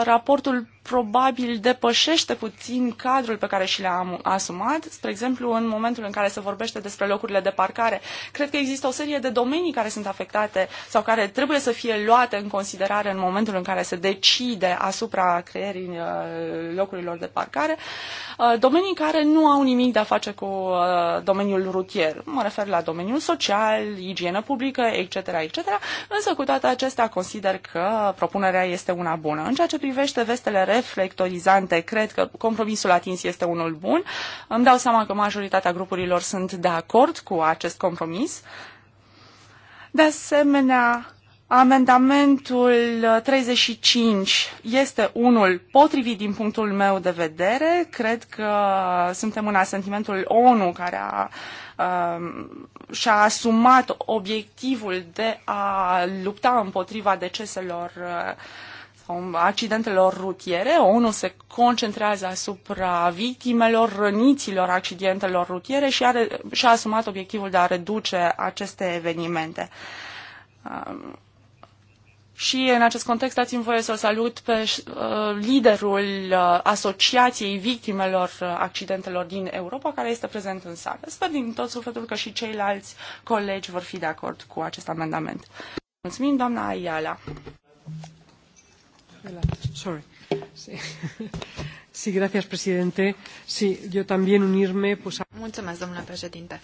raportul probabil depășește puțin cadrul pe care și l am asumat. Spre exemplu, în momentul în care se vorbește despre locurile de parcare, cred că există o serie de domenii care sunt afectate sau care trebuie să fie luate în considerare în momentul în care se decide asupra creierii uh, locurilor de parcare, uh, domenii care nu au nimic de a face cu uh, domeniul rutier. Mă refer la domeniul social, igienă publică, etc., etc., însă cu toate acestea consider că propunerea este una bună. În ceea ce privește vestele reflectorizante, cred că compromisul atins este unul bun. Îmi dau seama că majoritatea grupurilor sunt de acord cu acest compromis. De asemenea, Amendamentul 35 este unul potrivit din punctul meu de vedere. Cred că suntem în asentimentul ONU care a, um, și-a asumat obiectivul de a lupta împotriva deceselor uh, sau accidentelor rutiere. ONU se concentrează asupra victimelor, răniților accidentelor rutiere și are, și-a asumat obiectivul de a reduce aceste evenimente. Um, și în acest context ați voie să salut pe uh, liderul uh, Asociației Victimelor uh, Accidentelor din Europa, care este prezent în sală. Sper din tot sufletul că și ceilalți colegi vor fi de acord cu acest amendament. Mulțumim, doamna Ayala. Adelante. Sorry. Sí. sí, gracias, presidente. Sí, yo también unirme, pues... Mulțumesc, domnule președinte.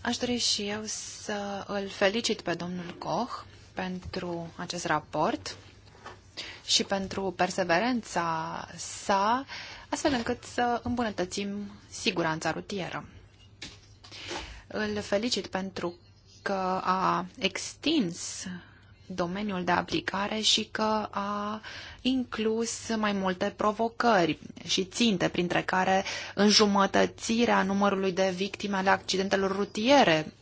Aș dori și eu să îl felicit pe domnul Koch pentru acest raport și pentru perseverența sa, astfel încât să îmbunătățim siguranța rutieră. Îl felicit pentru că a extins domeniul de aplicare și că a inclus mai multe provocări și ținte, printre care înjumătățirea numărului de victime ale accidentelor rutiere,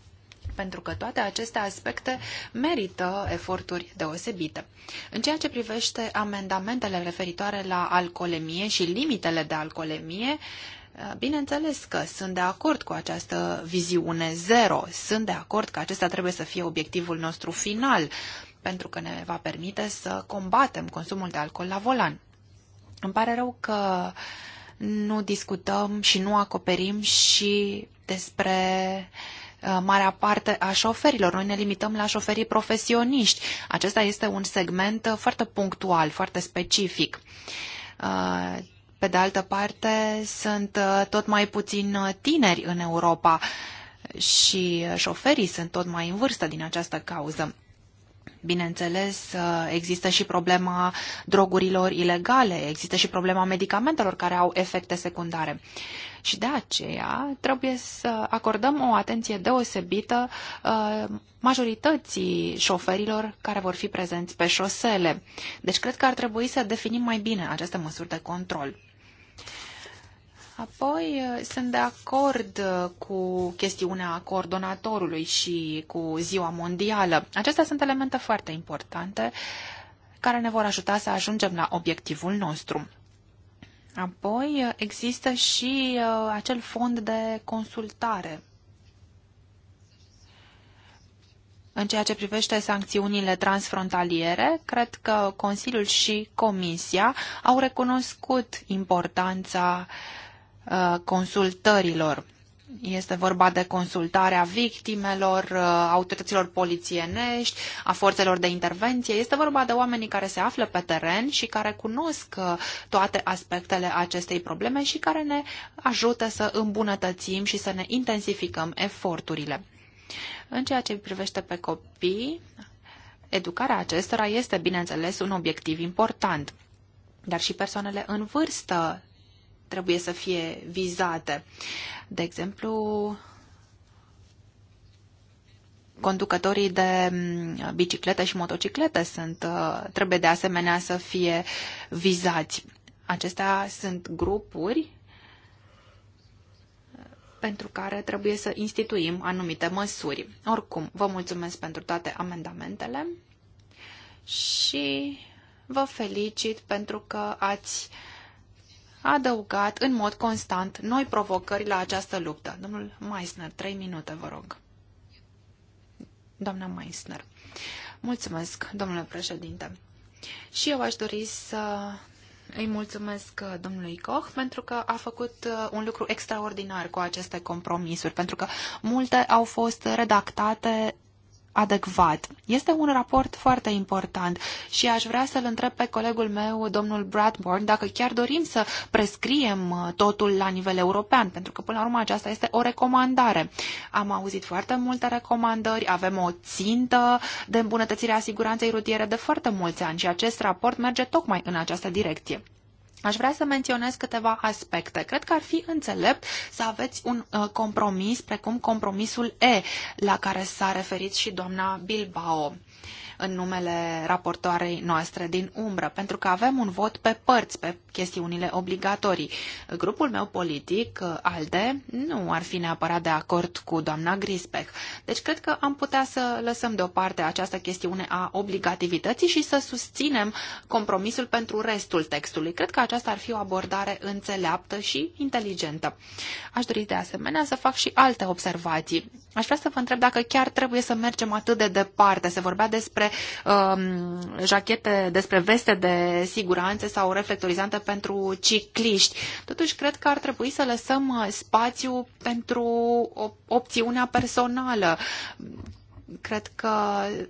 pentru că toate aceste aspecte merită eforturi deosebite. În ceea ce privește amendamentele referitoare la alcoolemie și limitele de alcoolemie, Bineînțeles că sunt de acord cu această viziune zero, sunt de acord că acesta trebuie să fie obiectivul nostru final, pentru că ne va permite să combatem consumul de alcool la volan. Îmi pare rău că nu discutăm și nu acoperim și despre uh, marea parte a șoferilor. Noi ne limităm la șoferii profesioniști. Acesta este un segment uh, foarte punctual, foarte specific. Uh, pe de altă parte, sunt tot mai puțin tineri în Europa și șoferii sunt tot mai în vârstă din această cauză. Bineînțeles, uh, există și problema drogurilor ilegale, există și problema medicamentelor care au efecte secundare. Și de aceea trebuie să acordăm o atenție deosebită uh, majorității șoferilor care vor fi prezenți pe șosele. Deci cred că ar trebui să definim mai bine aceste măsuri de control. Apoi uh, sunt de acord uh, cu chestiunea coordonatorului și cu Ziua Mondială. Acestea sunt elemente foarte importante care ne vor ajuta să ajungem la obiectivul nostru. Apoi uh, există și acel fond de consultare În ceea ce privește sancțiunile transfrontaliere, cred că Consiliul și Comisia au recunoscut importanța uh, Uh, consultărilor. Este vorba de consultarea victimelor, uh, autorităților polițienești, a forțelor de intervenție. Este vorba de oamenii care se află pe teren și care cunosc uh, toate aspectele acestei probleme și care ne ajută să îmbunătățim și să ne intensificăm eforturile. În ceea ce privește pe copii, educarea acestora este, bineînțeles, un obiectiv important. Dar și persoanele în vârstă trebuie să fie vizate. De exemplu, conducătorii de biciclete și motociclete sunt, uh, trebuie de asemenea să fie vizați. Acestea sunt grupuri pentru care trebuie să instituim anumite măsuri. Oricum, vă mulțumesc pentru toate amendamentele și vă felicit pentru că ați uh, a adăugat în mod constant noi provocări la această luptă. Domnul Meissner, trei minute, vă rog. Doamna Meissner. Mulțumesc, domnule președinte. Și eu aș dori să îi mulțumesc domnului Koch pentru că a făcut uh, un lucru extraordinar cu aceste compromisuri, pentru că multe au fost redactate adecvat. Este un raport foarte important și aș vrea să-l întreb pe colegul meu, domnul Bradburn, dacă chiar dorim să prescriem uh, totul la nivel european, pentru că până la urmă aceasta este o recomandare. Am auzit foarte multe recomandări, avem o țintă de îmbunătățire a siguranței rutiere de foarte mulți ani și acest raport merge tocmai în această direcție. Aș vrea să menționez câteva aspecte. Cred că ar fi înțelept să aveți un uh, compromis precum compromisul E, la care s-a referit și doamna Bilbao. Uh, în numele raportoarei noastre din umbră, pentru că avem un vot pe părți pe chestiunile obligatorii. Grupul meu politic, ALDE, nu ar fi neapărat de acord cu doamna Grisbeck. Deci cred că am putea să lăsăm deoparte această chestiune a obligativității și să susținem compromisul pentru restul textului. Cred că aceasta ar fi o abordare înțeleaptă și inteligentă. Aș dori de asemenea să fac și alte observații. Aș vrea să vă întreb dacă chiar trebuie să mergem atât de departe. Se vorbea despre um, jachete, despre veste de siguranță sau reflectorizante pentru cicliști. Totuși, cred că ar trebui să lăsăm uh, spațiu pentru opțiunea personală cred că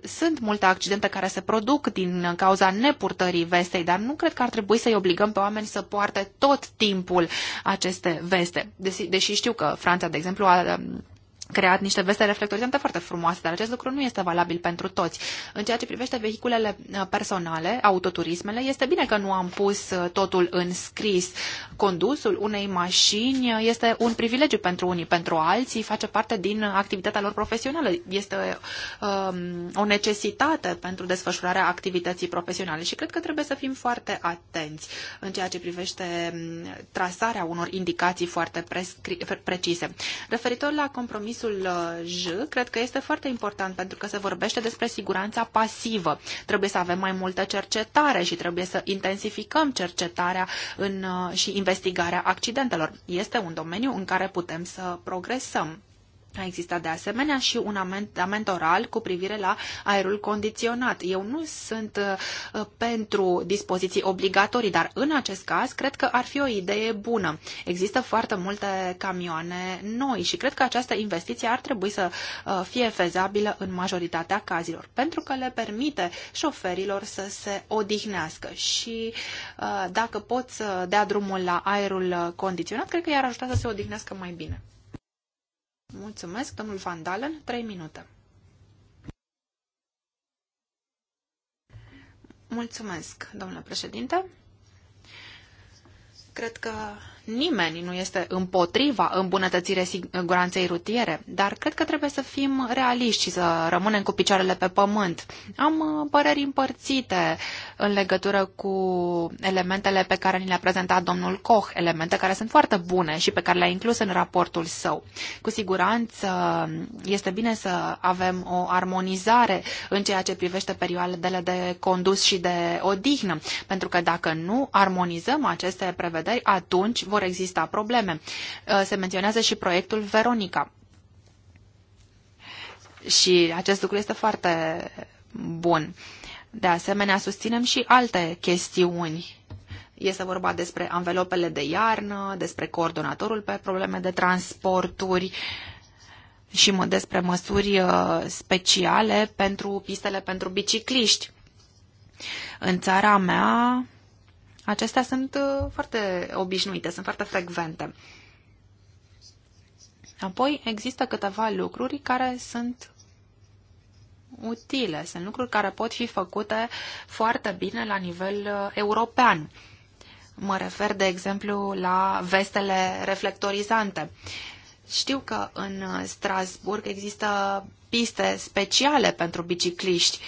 sunt multe accidente care se produc din cauza nepurtării vestei, dar nu cred că ar trebui să-i obligăm pe oameni să poarte tot timpul aceste veste. Deși, deși știu că Franța, de exemplu, a creat niște veste reflectorizante foarte frumoase, dar acest lucru nu este valabil pentru toți. În ceea ce privește vehiculele uh, personale, autoturismele, este bine că nu am pus uh, totul în scris. Condusul unei mașini uh, este un privilegiu pentru unii, pentru alții, face parte din activitatea lor profesională, este um, o necesitate pentru desfășurarea activității profesionale și cred că trebuie să fim foarte atenți în ceea ce privește um, trasarea unor indicații foarte precise. Referitor la compromis compromisul uh, J, cred că este foarte important pentru că se vorbește despre siguranța pasivă. Trebuie să avem mai multă cercetare și trebuie să intensificăm cercetarea în, uh, și investigarea accidentelor. Este un domeniu în care putem să progresăm. A existat de asemenea și un amendament oral cu privire la aerul condiționat. Eu nu sunt uh, pentru dispoziții obligatorii, dar în acest caz cred că ar fi o idee bună. Există foarte multe camioane noi și cred că această investiție ar trebui să uh, fie fezabilă în majoritatea cazilor, pentru că le permite șoferilor să se odihnească și uh, dacă pot să dea drumul la aerul condiționat, cred că i-ar ajuta să se odihnească mai bine. Mulțumesc, domnul Van Dalen, Trei minute. Mulțumesc, domnule președinte. Cred că Nimeni nu este împotriva îmbunătățirii siguranței rutiere, dar cred că trebuie să fim realiști și să rămânem cu picioarele pe pământ. Am uh, păreri împărțite în legătură cu elementele pe care ni le-a prezentat domnul Koch, elemente care sunt foarte bune și pe care le-a inclus în raportul său. Cu siguranță este bine să avem o armonizare în ceea ce privește perioadele de condus și de odihnă, pentru că dacă nu armonizăm aceste prevederi, atunci vor exista probleme. Uh, se menționează și proiectul Veronica. Și acest lucru este foarte bun. De asemenea, susținem și alte chestiuni. Este vorba despre anvelopele de iarnă, despre coordonatorul pe probleme de transporturi și despre măsuri uh, speciale pentru pistele pentru bicicliști. În țara mea Acestea sunt uh, foarte obișnuite, sunt foarte frecvente. Apoi există câteva lucruri care sunt utile, sunt lucruri care pot fi făcute foarte bine la nivel uh, european. Mă refer, de exemplu, la vestele reflectorizante. Știu că în uh, Strasburg există piste speciale pentru bicicliști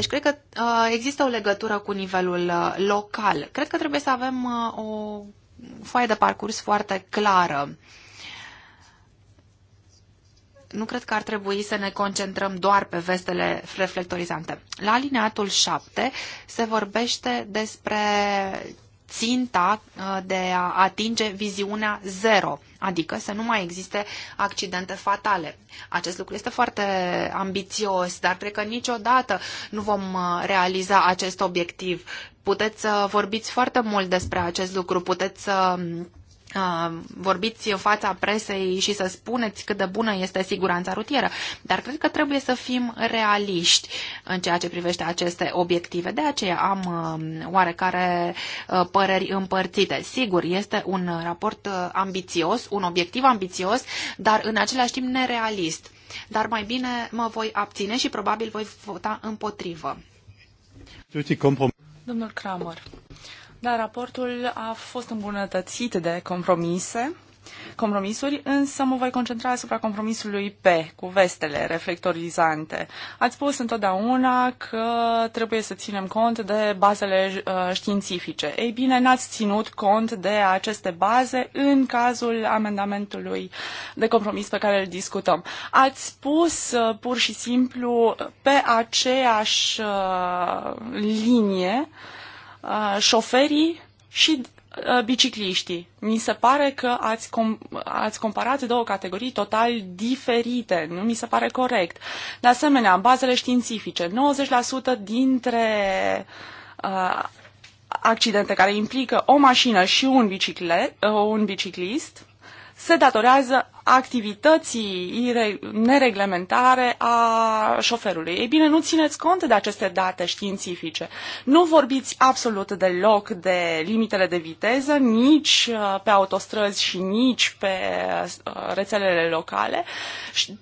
Deci cred că uh, există o legătură cu nivelul uh, local. Cred că trebuie să avem uh, o foaie de parcurs foarte clară. Nu cred că ar trebui să ne concentrăm doar pe vestele reflectorizante. La alineatul 7 se vorbește despre ținta uh, de a atinge viziunea zero, adică să nu mai existe accidente fatale. Acest lucru este foarte ambițios, dar cred că niciodată nu vom uh, realiza acest obiectiv. Puteți să vorbiți foarte mult despre acest lucru, puteți să vorbiți fața presei și să spuneți cât de bună este siguranța rutieră, dar cred că trebuie să fim realiști în ceea ce privește aceste obiective. De aceea am oarecare păreri împărțite. Sigur, este un raport ambițios, un obiectiv ambițios, dar în același timp nerealist. Dar mai bine mă voi abține și probabil voi vota împotrivă. Domnul Kramer, da, raportul a fost îmbunătățit de compromise, compromisuri, însă mă voi concentra asupra compromisului P, cu vestele reflectorizante. Ați spus întotdeauna că trebuie să ținem cont de bazele uh, științifice. Ei bine, n-ați ținut cont de aceste baze în cazul amendamentului de compromis pe care îl discutăm. Ați spus uh, pur și simplu pe aceeași uh, linie șoferii și bicicliștii. Mi se pare că ați, com- ați comparat două categorii total diferite. Nu mi se pare corect. De asemenea, bazele științifice. 90% dintre uh, accidente care implică o mașină și un, biciclet, uh, un biciclist se datorează activității nereglementare a șoferului. Ei bine, nu țineți cont de aceste date științifice. Nu vorbiți absolut deloc de limitele de viteză, nici uh, pe autostrăzi și nici pe uh, rețelele locale.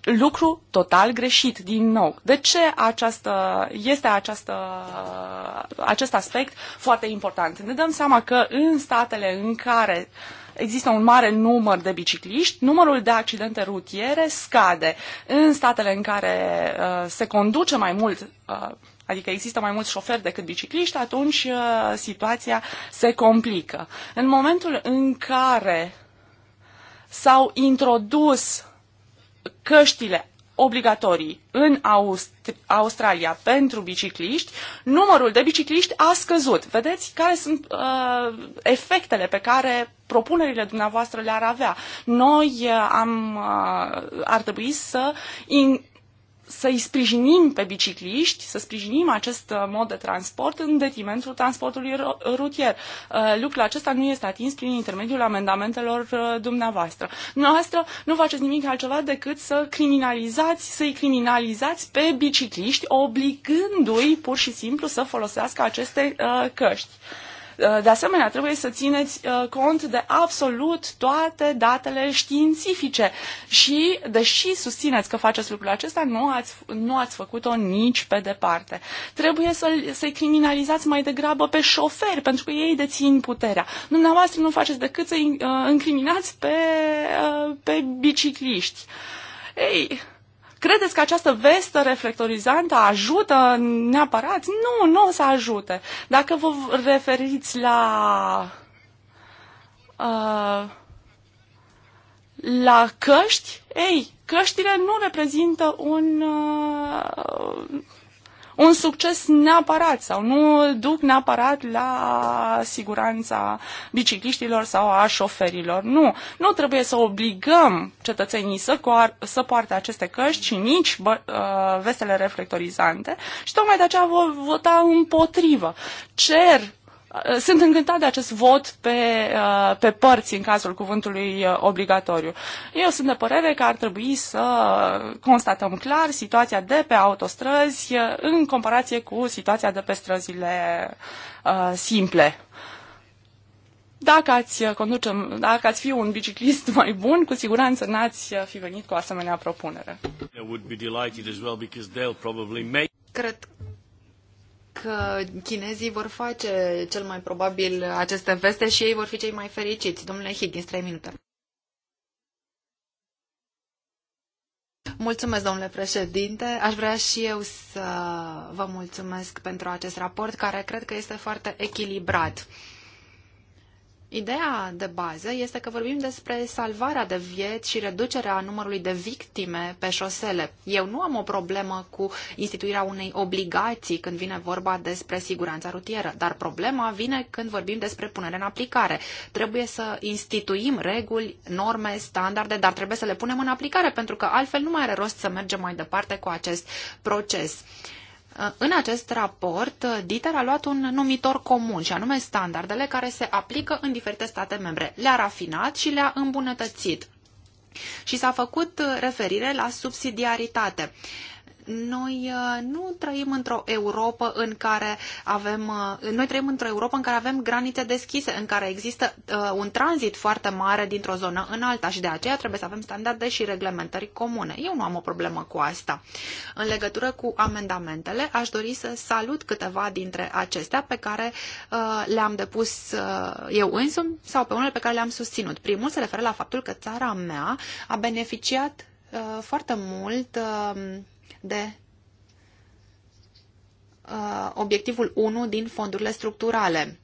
Lucru total greșit, din nou. De ce această, este această, uh, acest aspect foarte important? Ne dăm seama că în statele în care uh, există un mare număr de bicicliști, numărul de accidente rutiere scade. În statele în care uh, se conduce mai mult uh, adică există mai mulți șoferi decât bicicliști, atunci uh, situația se complică. În momentul în care s-au introdus căștile obligatorii în Australia pentru bicicliști, numărul de bicicliști a scăzut. Vedeți care sunt uh, efectele pe care propunerile dumneavoastră le-ar avea. Noi uh, am, uh, ar trebui să in, să îi sprijinim pe bicicliști, să sprijinim acest uh, mod de transport în detrimentul transportului rutier. Uh, lucrul acesta nu este atins prin intermediul amendamentelor uh, dumneavoastră. Noastră nu faceți nimic altceva decât să criminalizați, să-i criminalizați pe bicicliști, obligându-i pur și simplu să folosească aceste căști. Uh, de asemenea, trebuie să țineți uh, cont de absolut toate datele științifice și, deși susțineți că faceți lucrul acesta, nu ați, nu ați făcut-o nici pe departe. Trebuie să, să-i criminalizați mai degrabă pe șoferi, pentru că ei dețin puterea. Dumneavoastră nu faceți decât să-i încriminați uh, pe, pe bicicliști. Ei, Credeți că această vestă reflectorizantă ajută neapărat? Nu, nu o să ajute. Dacă vă referiți la... Uh, la căști, ei, căștile nu reprezintă un, uh, un succes neapărat sau nu duc neapărat la siguranța bicicliștilor sau a șoferilor. Nu, nu trebuie să obligăm cetățenii să, coar- să poarte aceste căști și nici bă- uh, vestele reflectorizante și tocmai de aceea vor vota împotrivă. Cer Uh, sunt încântat de acest vot pe, uh, pe părți în cazul cuvântului uh, obligatoriu. Eu sunt de părere că ar trebui să constatăm clar situația de pe autostrăzi în comparație cu situația de pe străzile simple. Dacă ați, conduce, dacă ați fi un biciclist [laughs] mai bun, cu siguranță n-ați fi venit cu o asemenea propunere. Cred că chinezii vor face cel mai probabil aceste veste și ei vor fi cei mai fericiți. Domnule Higgins, trei minute. Mulțumesc, domnule președinte. Aș vrea și eu să vă mulțumesc pentru acest raport, care cred că este foarte echilibrat. Ideea de bază este că vorbim despre salvarea de vieți și reducerea numărului de victime pe șosele. Eu nu am o problemă cu instituirea unei obligații când vine vorba despre siguranța rutieră, dar problema vine când vorbim despre punere în aplicare. Trebuie să instituim reguli, norme, standarde, dar trebuie să le punem în aplicare pentru că altfel nu mai are rost să mergem mai departe cu acest proces. În acest raport, Dieter a luat un numitor comun, și anume standardele care se aplică în diferite state membre. Le-a rafinat și le-a îmbunătățit. Și s-a făcut referire la subsidiaritate. Noi uh, nu trăim într-o Europa în care avem, uh, noi trăim într-o Europa în care avem granițe deschise, în care există uh, un tranzit foarte mare dintr-o zonă în alta și de aceea trebuie să avem standarde și reglementări comune. Eu nu am o problemă cu asta. În legătură cu amendamentele, aș dori să salut câteva dintre acestea pe care le-am depus eu însumi sau pe unele pe care le-am susținut. Primul se referă la faptul că țara mea a beneficiat foarte mult de uh, obiectivul 1 din fondurile structurale.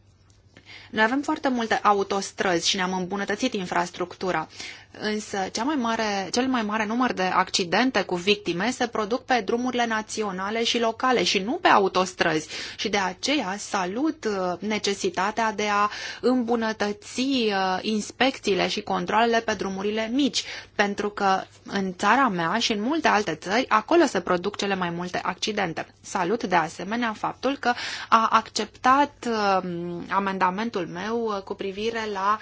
Noi avem foarte multe autostrăzi și ne-am îmbunătățit infrastructura, însă cea mai mare, cel mai mare număr de accidente cu victime se produc pe drumurile naționale și locale și nu pe autostrăzi. Și de aceea salut uh, necesitatea de a îmbunătăți uh, inspecțiile și controlele pe drumurile mici, pentru că în țara mea și în multe alte țări, acolo se produc cele mai multe accidente. Salut de asemenea faptul că a acceptat uh, amendamentul rândul meu uh, cu privire la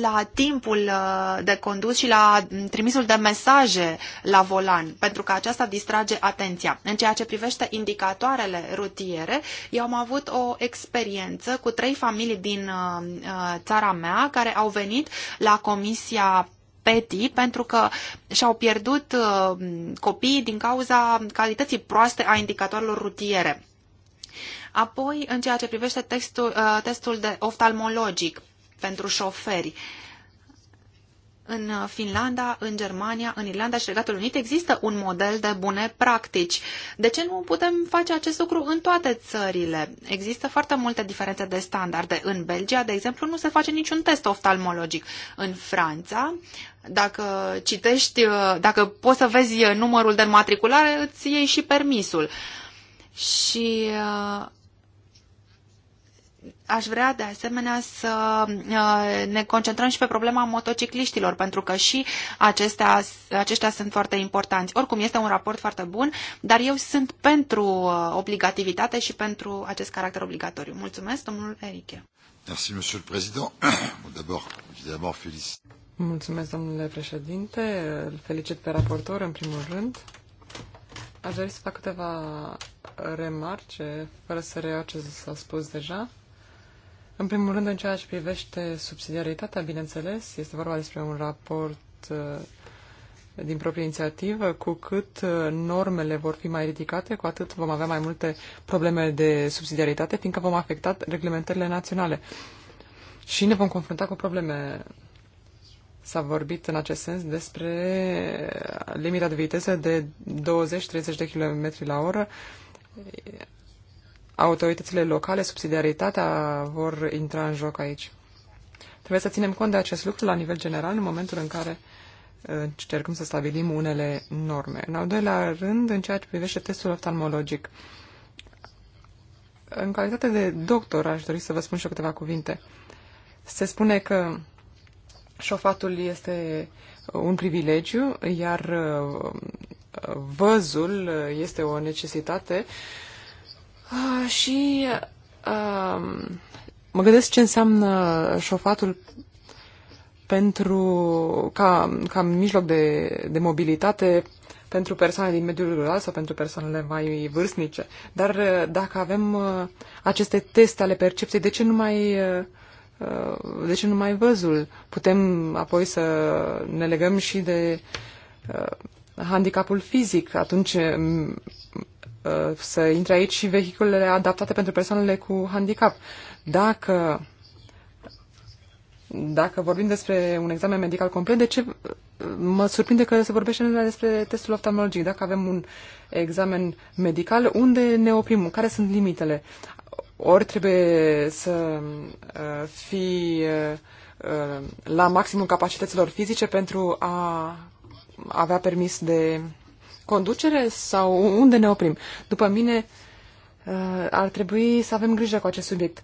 la timpul uh, de condus și la mm, trimisul de mesaje la volan, pentru că aceasta distrage atenția. În ceea ce privește indicatoarele rutiere, eu am avut o experiență cu trei familii din uh, țara mea care au venit la Comisia PETI pentru că și-au pierdut uh, copiii din cauza calității proaste a indicatorilor rutiere. Apoi, în ceea ce privește textul, uh, testul de oftalmologic pentru șoferi, uh, în uh, Finlanda, în Germania, în Irlanda și Regatul Unit există un model de bune practici. De ce nu putem face acest lucru în toate țările? Există foarte multe diferențe de standarde. În Belgia, de exemplu, nu se face niciun test oftalmologic. În Franța, dacă citești, uh, dacă poți să vezi numărul de înmatriculare, îți iei și permisul. Și uh, aș vrea de asemenea să uh, ne concentrăm și pe problema motocicliștilor, pentru că și acestea, aceștia sunt foarte importanți. Oricum, este un raport foarte bun, dar eu sunt pentru uh, obligativitate și pentru acest caracter obligatoriu. Mulțumesc, domnul Eriche. Merci, monsieur le président. [coughs] D'abord, évidemment, félicit. Mulțumesc, domnule președinte. Îl felicit pe raportor, în primul rând. Aș dori să fac câteva remarce, fără să reiau ce s-a spus deja. În primul rând, în ceea ce privește subsidiaritatea, bineînțeles, este vorba despre un raport uh, din proprie inițiativă, cu cât uh, normele vor fi mai ridicate, cu atât vom avea mai multe probleme de subsidiaritate, fiindcă vom afecta reglementările naționale. Și ne vom confrunta cu probleme. S-a vorbit în acest sens despre limita de viteză de 20-30 de km la oră autoritățile locale, subsidiaritatea vor intra în joc aici. Trebuie să ținem cont de acest lucru la nivel general în momentul în care uh, încercăm să stabilim unele norme. În al doilea rând, în ceea ce privește testul oftalmologic, în calitate de doctor aș dori să vă spun și câteva cuvinte. Se spune că șofatul este un privilegiu, iar uh, văzul este o necesitate Uh, și uh, mă gândesc ce înseamnă șofatul pentru, ca, ca mijloc de, de mobilitate pentru persoane din mediul rural sau pentru persoanele mai vârstnice. Dar eh, dacă avem eh, aceste teste ale percepției, de ce nu mai eh, de ce nu mai văzul? Putem apoi să ne legăm și de handicapul fizic. Atunci Uh, să intre aici și vehiculele adaptate pentru persoanele cu handicap. Dacă, dacă vorbim despre un examen medical complet, de ce uh, mă surprinde că se vorbește numai despre testul oftalmologic? Dacă avem un examen medical, unde ne oprim? Care sunt limitele? Ori trebuie să uh, fii la maximum capacităților fizice pentru a avea permis de conducere sau unde ne oprim? După mine, uh, ar trebui să avem grijă cu acest subiect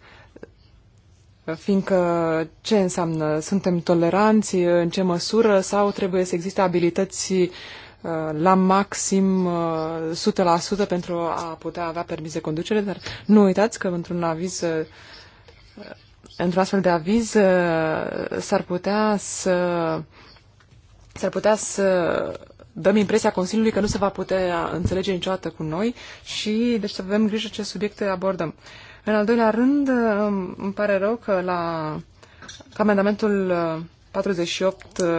fiindcă ce înseamnă? Suntem toleranți? În ce măsură? Sau trebuie să existe abilități uh, la maxim uh, 100% pentru a putea avea permis de conducere? Dar nu uitați că într-un aviz într-un astfel de aviz s-ar putea să s-ar putea să dăm impresia Consiliului că nu se va putea înțelege niciodată cu noi și deci să avem grijă ce subiecte abordăm. În al doilea rând, um, îmi pare rău că la că amendamentul 48 uh, uh,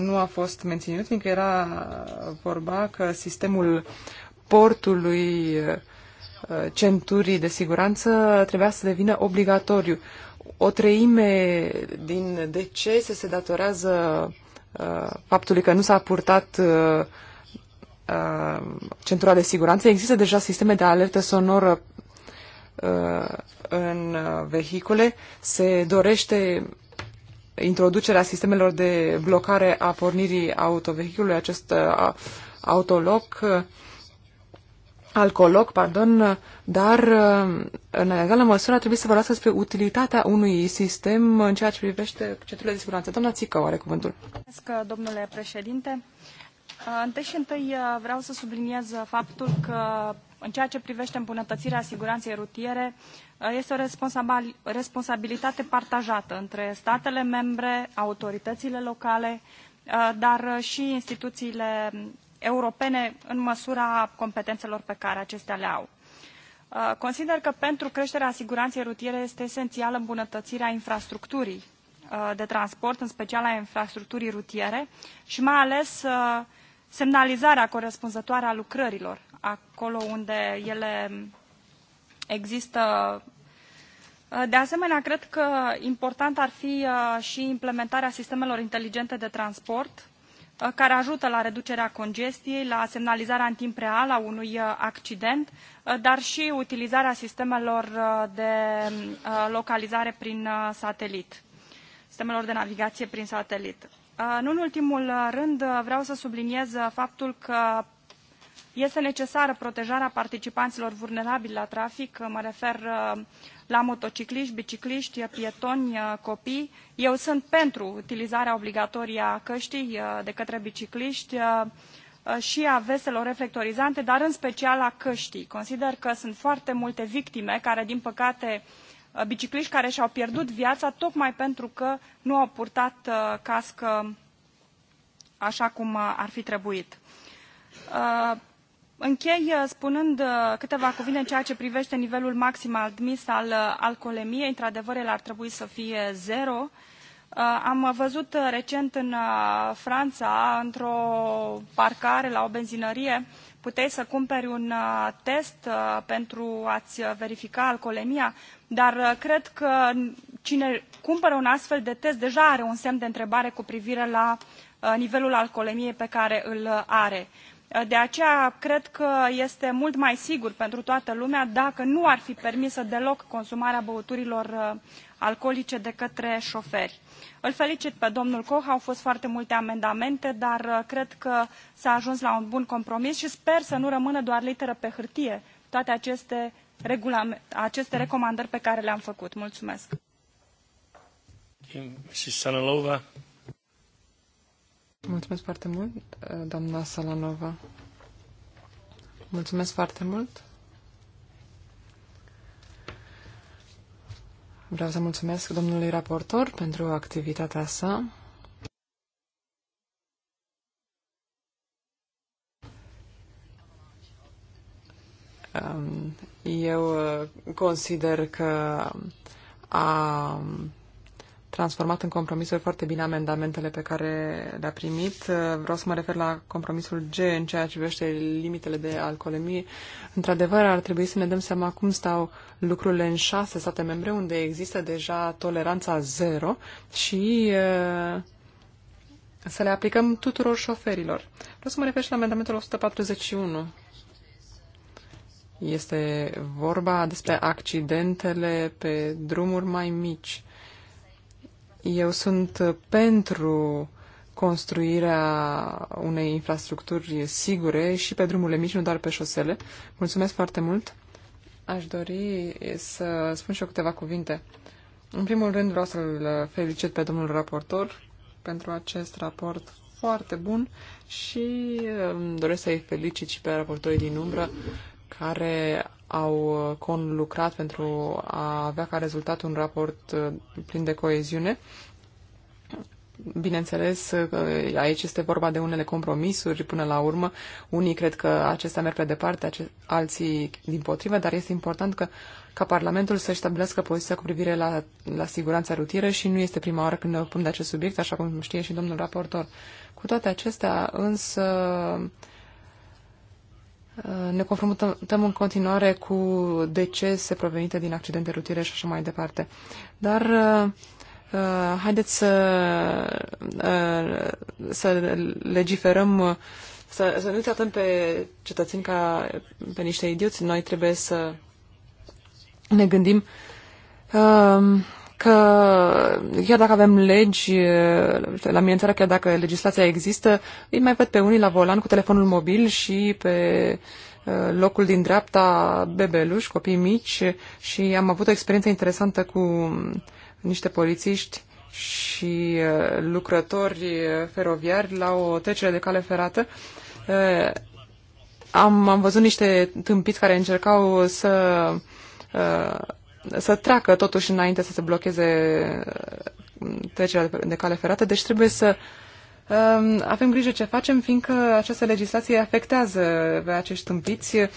nu a fost menținut, fiindcă era vorba că sistemul portului uh, centurii de siguranță trebuia să devină obligatoriu. O treime din decese se datorează Uh, faptului că nu s-a purtat uh, uh, centura de siguranță, există deja sisteme de alertă sonoră în vehicule. Se dorește introducerea sistemelor de blocare a pornirii autovehiculului, acest autoloc al pardon, dar uh, în egală măsură trebuie să vorbească despre utilitatea unui sistem în ceea ce privește centrele de siguranță. Doamna Țică are cuvântul. Mulțumesc, uh, domnule președinte. Uh, întâi și întâi vreau să subliniez faptul că în ceea ce privește îmbunătățirea siguranței rutiere, este o responsabilitate partajată între statele membre, autoritățile locale, dar și instituțiile europene în măsura competențelor pe care acestea le au. Uh, consider că pentru creșterea siguranței rutiere este esențială îmbunătățirea infrastructurii uh, de transport, în special a infrastructurii rutiere și mai ales uh, semnalizarea corespunzătoare a lucrărilor acolo unde ele există. De asemenea, cred că important ar fi și implementarea sistemelor inteligente de transport, Uh, care ajută la reducerea congestiei, la semnalizarea în timp real a unui uh, accident, uh, dar și utilizarea sistemelor de localizare prin satelit, sistemelor de navigație prin satelit. Nu în ultimul rând, vreau să subliniez faptul că este necesară protejarea participanților vulnerabili la trafic, mă refer uh, la motocicliști, bicicliști, pietoni, uh, copii. Eu sunt pentru utilizarea obligatorie a căștii uh, de către bicicliști și a veselor reflectorizante, dar în special a căștii. Consider că sunt foarte multe victime care, din păcate, bicicliști care și-au pierdut viața tocmai pentru că nu au purtat cască așa cum ar fi trebuit. Închei uh, spunând uh, câteva cuvinte în ceea ce privește nivelul maxim admis al uh, alcoolemiei. Într-adevăr, el ar trebui să fie zero. Am văzut recent în Franța, într-o parcare la o benzinărie, puteai să cumperi un test pentru a-ți verifica alcoolemia, dar cred că cine cumpără un astfel de test deja are un semn de întrebare cu privire la nivelul alcoolemiei pe care îl are de aceea cred că este mult mai sigur pentru toată lumea dacă nu ar fi permisă deloc consumarea băuturilor uh, alcoolice de către șoferi. Îl felicit pe domnul Koch, au fost foarte multe amendamente, dar uh, cred că s-a ajuns la un bun compromis și sper să nu rămână doar literă pe hârtie toate aceste, aceste recomandări pe care le-am făcut. Mulțumesc! Mulțumesc foarte mult, uh, doamna Salanova. Mulțumesc foarte mult. Vreau să mulțumesc domnului raportor pentru activitatea sa. Um, eu uh, consider că a transformat în compromisuri foarte bine amendamentele pe care le-a primit. Vreau să mă refer la compromisul G în ceea ce privește limitele de alcoolemie. Într-adevăr, ar trebui să ne dăm seama cum stau lucrurile în șase state membre unde există deja toleranța zero și uh, să le aplicăm tuturor șoferilor. Vreau să mă refer și la amendamentul 141. Este vorba despre accidentele pe drumuri mai mici. Eu sunt pentru construirea unei infrastructuri sigure și pe drumurile mici, nu doar pe șosele. Mulțumesc foarte mult! Aș dori să spun și eu câteva cuvinte. În primul rând vreau să-l felicit pe domnul raportor pentru acest raport foarte bun și doresc să-i felicit și pe raportorii din umbră care au uh, conlucrat pentru a avea ca rezultat un raport uh, plin de coeziune. Bineînțeles, uh, aici este vorba de unele compromisuri până la urmă. Unii cred că acestea merg pe departe, alții din potrivă, dar este important că, ca Parlamentul să-și stabilească poziția cu privire la, la siguranța rutieră și nu este prima oară când ne ocupăm de acest subiect, așa cum știe și domnul raportor. Cu toate acestea, însă, uh, ne confruntăm în continuare cu decese provenite din accidente rutiere și așa mai departe. Dar uh, uh, haideți să, uh, să legiferăm, să, să nu tratăm pe cetățeni ca pe niște idioți. Noi trebuie să ne gândim uh, că chiar dacă avem legi la mine înțeleg chiar dacă legislația există, îi mai văd pe unii la volan cu telefonul mobil și pe uh, locul din dreapta bebeluși, copii mici și am avut o experiență interesantă cu niște polițiști și uh, lucrători feroviari la o trecere de cale ferată. Uh, am, am văzut niște tâmpiți care încercau să să treacă totuși înainte să se blocheze uh, trecerea de cale ferată, deci trebuie să um, avem grijă ce facem, fiindcă această legislație afectează pe acești tâmpiți. Uh,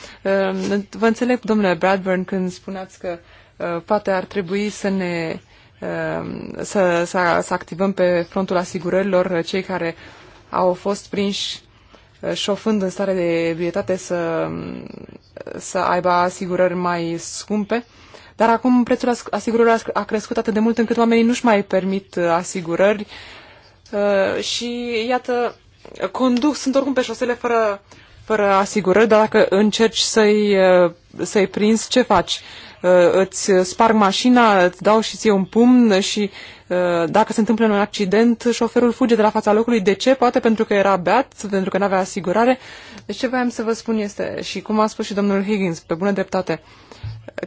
vă înțeleg, domnule Bradburn, când spuneați că uh, poate ar trebui să ne um, să, să, să activăm pe frontul asigurărilor cei care au fost prinși șofând în stare de ebrietate să, um, să aibă asigurări mai scumpe. Dar acum prețul asigurărilor a crescut atât de mult încât oamenii nu-și mai permit uh, asigurări uh, și, iată, conduc, sunt oricum pe șosele fără, fără asigurări, dar dacă încerci să-i, uh, să-i prinzi, ce faci? Îți sparg mașina, îți dau și ție un pumn și dacă se întâmplă un accident, șoferul fuge de la fața locului. De ce? Poate pentru că era beat, pentru că nu avea asigurare. Deci ce voiam să vă spun este, și cum a spus și domnul Higgins, pe bună dreptate, uh,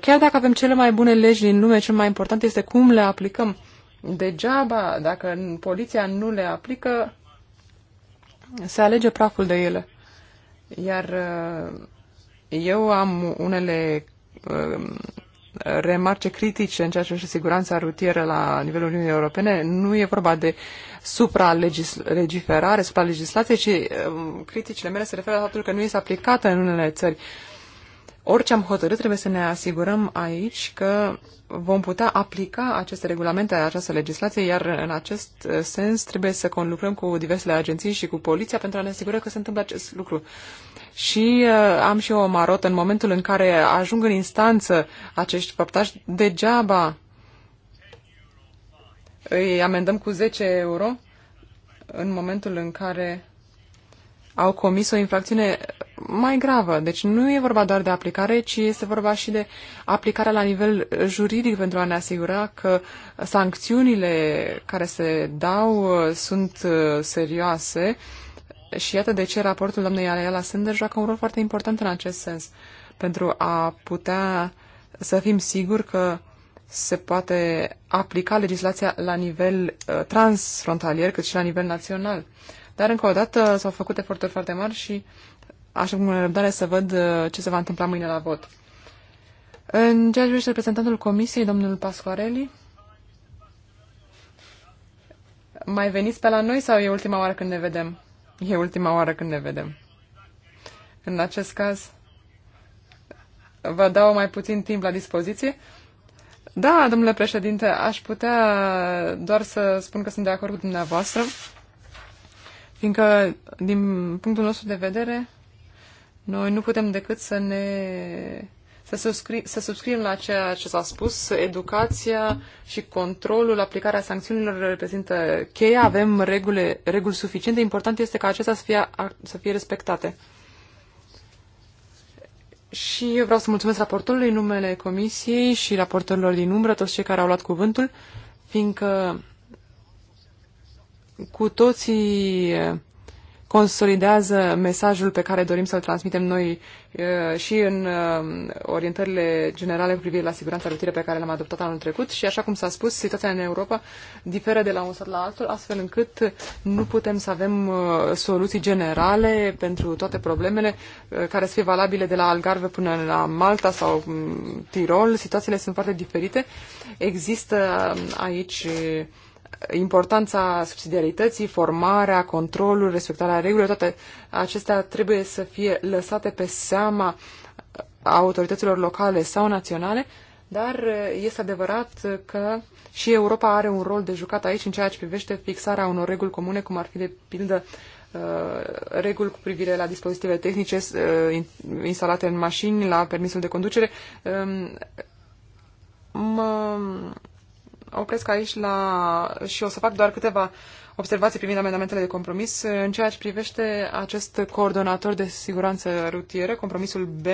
Chiar dacă avem cele mai bune legi din lume, cel mai important este cum le aplicăm. Degeaba, dacă poliția nu le aplică, se alege praful de ele. Iar uh, eu am unele um, remarce critice în ceea ce siguranța rutieră la nivelul Uniunii Europene. Nu e vorba de supra-legiferare, supra-legislație, ci um, criticile mele se referă la faptul că nu este aplicată în unele țări orice am hotărât, trebuie să ne asigurăm aici că vom putea aplica aceste regulamente, această legislație, iar în acest uh, sens trebuie să conlucrăm cu diversele agenții și cu poliția pentru a ne asigura că se întâmplă acest lucru. Și uh, am și eu o marotă în momentul în care ajung în instanță acești făptași, degeaba îi amendăm cu 10 euro în momentul în care au comis o infracțiune mai gravă. Deci nu e vorba doar de aplicare, ci este vorba și de aplicarea la nivel juridic pentru a ne asigura că sancțiunile care se dau uh, sunt uh, serioase. Și iată de ce raportul doamnei Aleala Sender joacă un rol foarte important în acest sens, pentru a putea să fim siguri că se poate aplica legislația la nivel uh, transfrontalier, cât și la nivel național. Dar, încă o dată, s-au făcut eforturi foarte mari și așa cum în răbdare să văd uh, ce se va întâmpla mâine la vot. În ceea ce privește reprezentantul Comisiei, domnul Pascoarelli, mai veniți pe la noi sau e ultima oară când ne vedem? E ultima oară când ne vedem. În acest caz, vă dau mai puțin timp la dispoziție. Da, domnule președinte, aș putea doar să spun că sunt de acord cu dumneavoastră, fiindcă, din punctul nostru de vedere, noi nu putem decât să ne să, subscri, să subscriem la ceea ce s-a spus. Educația și controlul, aplicarea sancțiunilor reprezintă cheia. Avem regule, reguli suficiente. Important este ca acestea să fie, să fie respectate. Și eu vreau să mulțumesc raportorului în numele Comisiei și raportorilor din umbră, toți cei care au luat cuvântul, fiindcă cu toții consolidează mesajul pe care dorim să-l transmitem noi uh, și în um, orientările generale cu privire la siguranța rutieră pe care l am adoptat anul trecut și, așa cum s-a spus, situația în Europa diferă de la un stat la altul, astfel încât nu putem să avem uh, soluții generale pentru toate problemele uh, care să fie valabile de la Algarve până la Malta sau mm, Tirol. Situațiile sunt foarte diferite. Există um, aici importanța subsidiarității, formarea, controlul, respectarea regulilor, toate acestea trebuie să fie lăsate pe seama autorităților locale sau naționale, dar eh, este adevărat că și Europa are un rol de jucat aici în ceea ce privește fixarea unor reguli comune, cum ar fi de pildă eh, reguli cu privire la dispozitive tehnice eh, instalate în mașini, la permisul de conducere. Ehm, mă opresc aici la, și o să fac doar câteva observații privind amendamentele de compromis. În ceea ce privește acest coordonator de siguranță rutieră, compromisul B,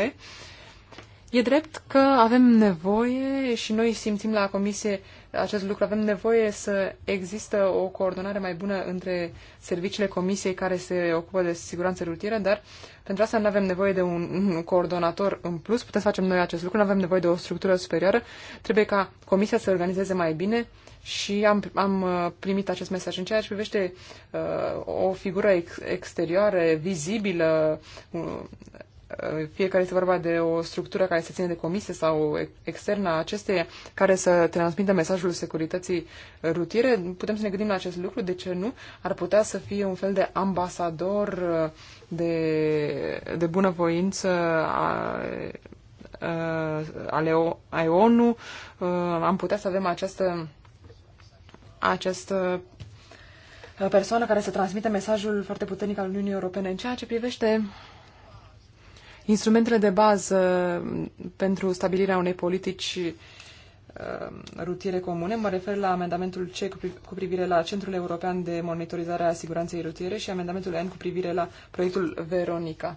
e drept că avem nevoie și noi simțim la Comisie uh, acest lucru. Avem nevoie să există o coordonare mai bună între serviciile comisiei care se ocupă de siguranță rutieră, dar pentru asta nu avem nevoie de un, un coordonator în plus. Putem să facem noi acest lucru, nu avem nevoie de o structură superioară. Trebuie ca comisia să se organizeze mai bine și am, am uh, primit acest mesaj. În ceea ce privește uh, o figură ex- exterioară, vizibilă, uh, fie că este vorba de o structură care se ține de comisie sau externă a acesteia, care să transmită mesajul securității rutiere, putem să ne gândim la acest lucru, de ce nu? Ar putea să fie un fel de ambasador uh, de, de bunăvoință a, a, uh, ale ONU. Uh, am putea să avem această, această persoană care să transmite mesajul foarte puternic al Uniunii Europene în ceea ce privește instrumentele de bază pentru stabilirea unei politici um, rutiere comune. Mă refer la amendamentul C cu privire la Centrul European de Monitorizare a Siguranței Rutiere și amendamentul N cu privire la proiectul Veronica.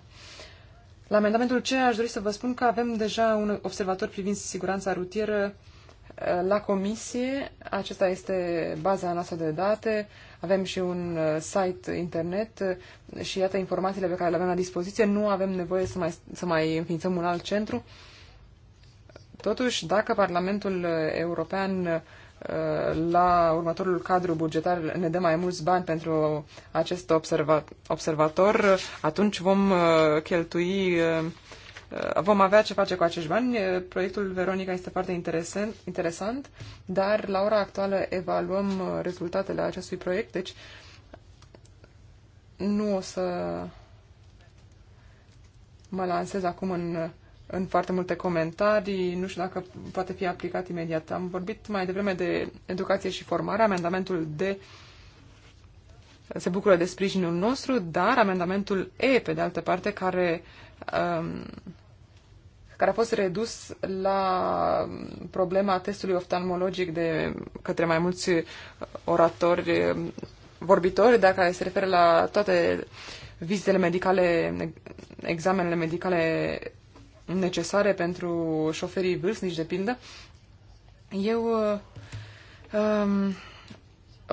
La amendamentul C aș dori să vă spun că avem deja un observator privind siguranța rutieră uh, la comisie. Acesta este baza noastră de date avem și un uh, site internet uh, și iată informațiile pe care le avem la dispoziție, nu avem nevoie să mai, să mai înființăm un alt centru. Totuși, dacă Parlamentul uh, European la următorul cadru bugetar ne dă mai mulți bani pentru acest observator, atunci vom cheltui vom avea ce face cu acești bani. Proiectul Veronica este foarte interesant, dar la ora actuală evaluăm uh, rezultatele acestui proiect, deci nu o să mă lansez acum în, în foarte multe comentarii, nu știu dacă poate fi aplicat imediat. Am vorbit mai devreme de educație și formare, amendamentul D se bucură de sprijinul nostru, dar amendamentul E, pe de altă parte, care um, care a fost redus la problema testului oftalmologic de către mai mulți oratori vorbitori, dacă se referă la toate vizitele medicale, examenele medicale necesare pentru șoferii vârstnici, de pildă. Eu um,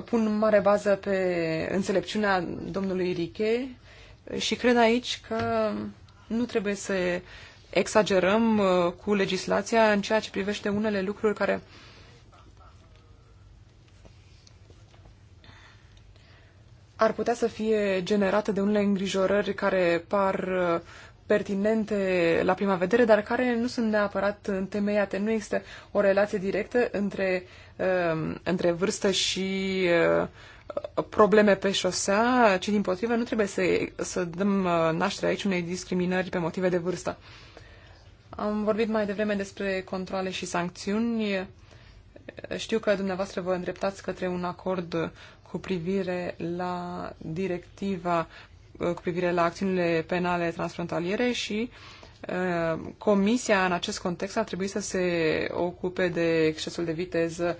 pun mare bază pe înțelepciunea domnului Riche și cred aici că nu trebuie să exagerăm uh, cu legislația în ceea ce privește unele lucruri care ar putea să fie generate de unele îngrijorări care par uh, pertinente la prima vedere, dar care nu sunt neapărat întemeiate. Nu există o relație directă între, um, între vârstă și uh, probleme pe șosea, ci din potrivă nu trebuie să, să dăm naștere aici unei discriminări pe motive de vârstă. Am vorbit mai devreme despre controle și sancțiuni. Știu că dumneavoastră vă îndreptați către un acord cu privire la directiva cu privire la acțiunile penale transfrontaliere și uh, Comisia în acest context ar trebui să se ocupe de excesul de viteză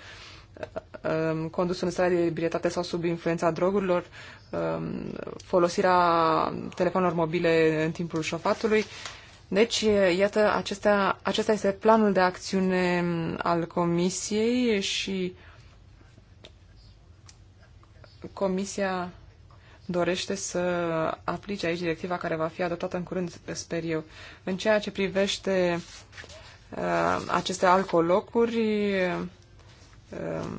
um, condus în stare de ebrietate sau sub influența drogurilor, um, folosirea telefonelor mobile în timpul șofatului, deci, iată, acesta acesta este planul de acțiune al Comisiei și Comisia dorește să aplice aici directiva care va fi adoptată în curând, sper eu. În ceea ce privește uh, aceste alcolocuri uh,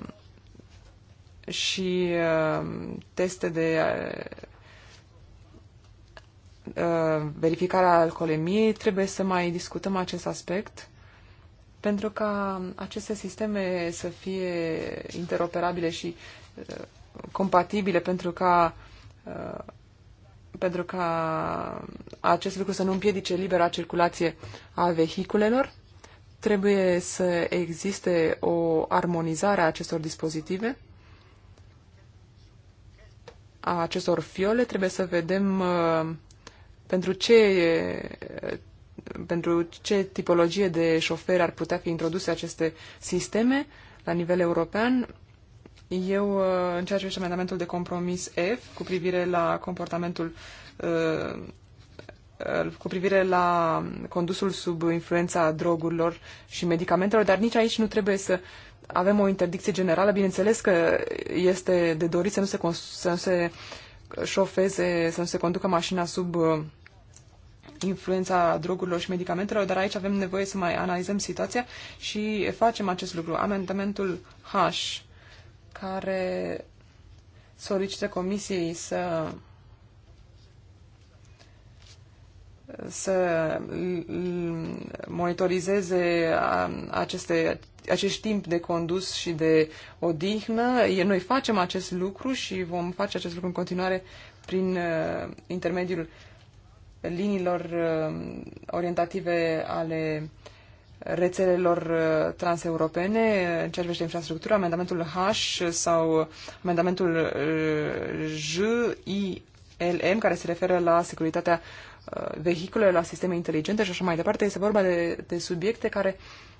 și uh, teste de uh, Uh, verificarea alcoolemiei, trebuie să mai discutăm acest aspect pentru ca aceste sisteme să fie interoperabile și uh, compatibile pentru ca uh, pentru ca acest lucru să nu împiedice libera circulație a vehiculelor. Trebuie să existe o armonizare a acestor dispozitive, a acestor fiole. Trebuie să vedem pentru ce, pentru ce tipologie de șoferi ar putea fi introduse aceste sisteme la nivel european. Eu, uh, în ceea ce privește amendamentul de compromis F cu privire la comportamentul uh, uh, cu privire la condusul sub influența drogurilor și medicamentelor, dar nici aici nu trebuie să avem o interdicție generală. Bineînțeles că este de dorit să nu se, să nu se șofeze, să nu se conducă mașina sub influența drogurilor și medicamentelor, dar aici avem nevoie să mai analizăm situația și facem acest lucru. Amendamentul H, care solicită comisiei să să monitorizeze um, aceste, acest timp de condus și de odihnă. Noi facem acest lucru și vom face acest lucru în continuare prin uh, intermediul liniilor uh, orientative ale rețelelor uh, transeuropene, uh, în ceea ce privește infrastructura, amendamentul H sau amendamentul J, I, care se referă la securitatea vehiculelor, la sisteme inteligente și așa mai departe. Este vorba de, de subiecte care uh,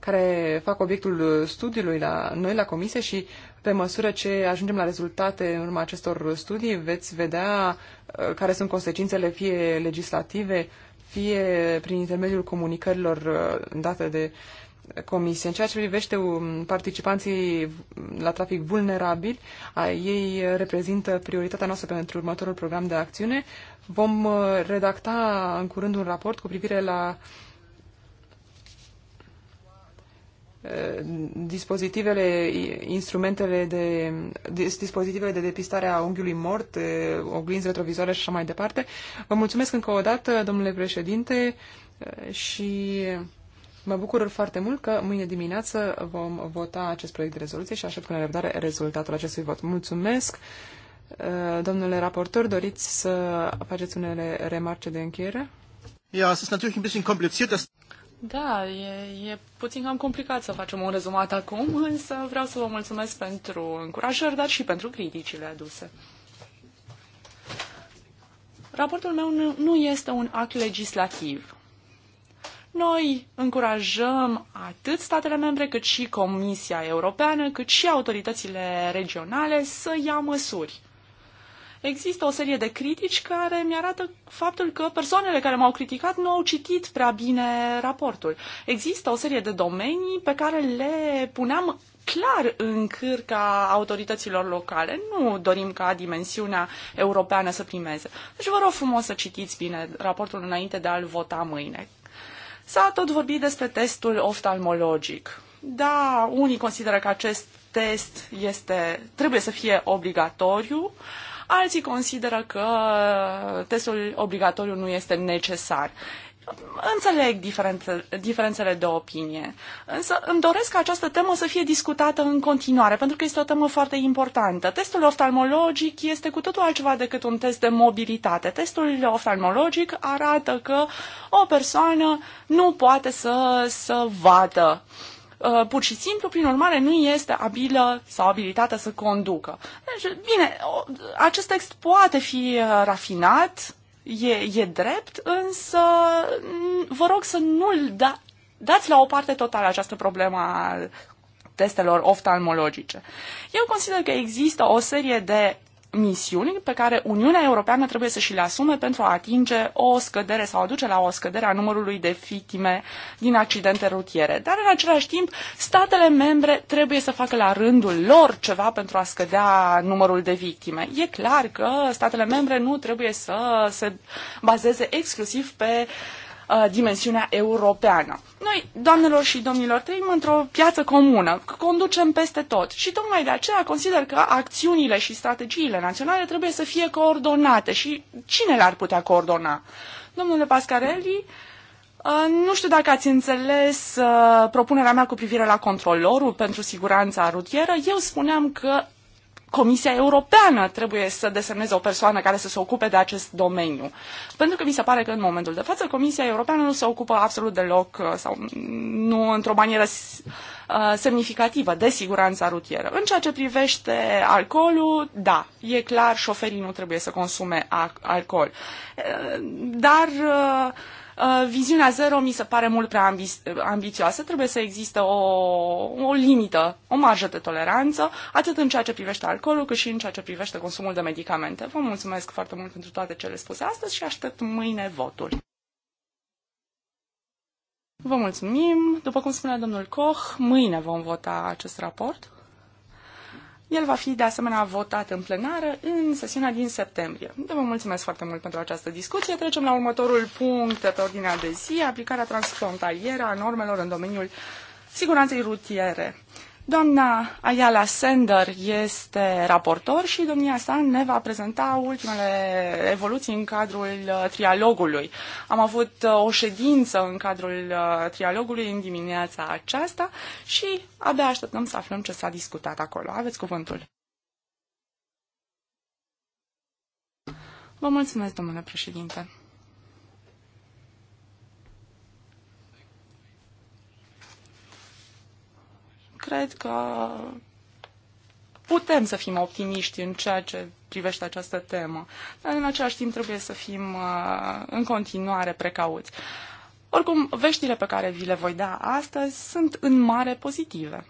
care fac obiectul studiului la noi, la comisie și pe măsură ce ajungem la rezultate în urma acestor studii, veți vedea uh, care sunt consecințele fie legislative, fie prin intermediul comunicărilor uh, date de comisie. În ceea ce privește um, participanții la trafic vulnerabil, ei reprezintă prioritatea noastră pentru următorul program de acțiune. Vom uh, redacta în curând un raport cu privire la uh, Eh, dispozitivele, instrumentele de, dispozitivele de depistare a unghiului mort, eh, oglinzi retrovizoare și așa mai departe. Vă mulțumesc încă o dată, domnule președinte, eh, și mă bucur foarte mult că mâine dimineață vom vota acest proiect de rezoluție și aștept cu nerăbdare rezultatul acestui vot. Mulțumesc! Domnule raportor, doriți să faceți unele remarce de încheiere? Ja, es ist natürlich ein bisschen kompliziert, dass da, e, e puțin cam complicat să facem un rezumat acum, însă vreau să vă mulțumesc pentru încurajări, dar și pentru criticile aduse. Raportul meu nu, nu este un act legislativ. Noi încurajăm atât statele membre, cât și Comisia Europeană, cât și autoritățile regionale să ia măsuri există o serie de critici care mi arată faptul că persoanele care m-au criticat nu au citit prea bine raportul. Există o serie de domenii pe care le puneam clar în cârca autorităților locale. Nu dorim ca dimensiunea europeană să primeze. Deci vă rog frumos să citiți bine raportul înainte de a-l vota mâine. S-a tot vorbit despre testul oftalmologic. Da, unii consideră că acest test este, trebuie să fie obligatoriu, uh, alții consideră că testul obligatoriu nu este necesar. Înțeleg diferențe, diferențele de opinie, însă îmi doresc ca această temă să fie discutată în continuare, pentru că este o temă foarte importantă. Testul oftalmologic este cu totul altceva decât un test de mobilitate. Testul oftalmologic arată că o persoană nu poate să, să vadă. Uh, Uh, pur și simplu, prin urmare, nu este abilă sau abilitată să conducă. Deci, bine, acest text poate fi uh, rafinat, e, e drept, însă vă rog să nu-l da, dați la o parte totală această problemă a testelor oftalmologice. Eu consider că există o serie de misiuni pe care Uniunea Europeană trebuie să și le asume pentru a atinge o scădere sau aduce la o scădere a numărului de victime din accidente rutiere. Dar în același timp, statele membre trebuie să facă la rândul lor ceva pentru a scădea numărul de victime. E clar că statele membre nu trebuie să se bazeze exclusiv pe uh, Uh, dimensiunea europeană. Noi, doamnelor și domnilor, trăim într-o piață comună, conducem peste tot și tocmai de aceea consider că acțiunile și strategiile naționale trebuie să fie coordonate și cine le-ar putea coordona? Domnule Pascarelli, uh, nu știu dacă ați înțeles uh, propunerea mea cu privire la controlorul pentru siguranța rutieră. Eu spuneam că Comisia Europeană trebuie să desemneze o persoană care să se ocupe de acest domeniu. Pentru că mi se pare că în momentul de față Comisia Europeană nu se ocupă absolut deloc uh, sau nu într-o manieră uh, semnificativă de siguranța rutieră. În ceea ce privește alcoolul, da, e clar, șoferii nu trebuie să consume alcool. Uh, dar Uh, viziunea zero mi se pare mult prea ambi- ambițioasă. Trebuie să există o, o limită, o marjă de toleranță, atât în ceea ce privește alcoolul, cât și în ceea ce privește consumul de medicamente. Vă mulțumesc foarte mult pentru toate cele spuse astăzi și aștept mâine votul. Vă mulțumim. După cum spunea domnul Koch, mâine vom vota acest raport. El va fi de asemenea votat în plenară în sesiunea din septembrie. De deci vă mulțumesc foarte mult pentru această discuție. Trecem la următorul punct pe ordinea de zi, aplicarea transfrontalieră a normelor în domeniul siguranței rutiere. Doamna Ayala Sender este raportor și domnia sa ne va prezenta ultimele evoluții în cadrul uh, trialogului. Am avut uh, o ședință în cadrul uh, trialogului în dimineața aceasta și abia așteptăm să aflăm ce s-a discutat acolo. Aveți cuvântul. Vă mulțumesc, domnule președinte. cred că putem să fim optimiști în ceea ce privește această temă, dar în același timp trebuie să fim uh, în continuare precauți. Oricum, veștile pe care vi le voi da astăzi sunt în mare pozitive.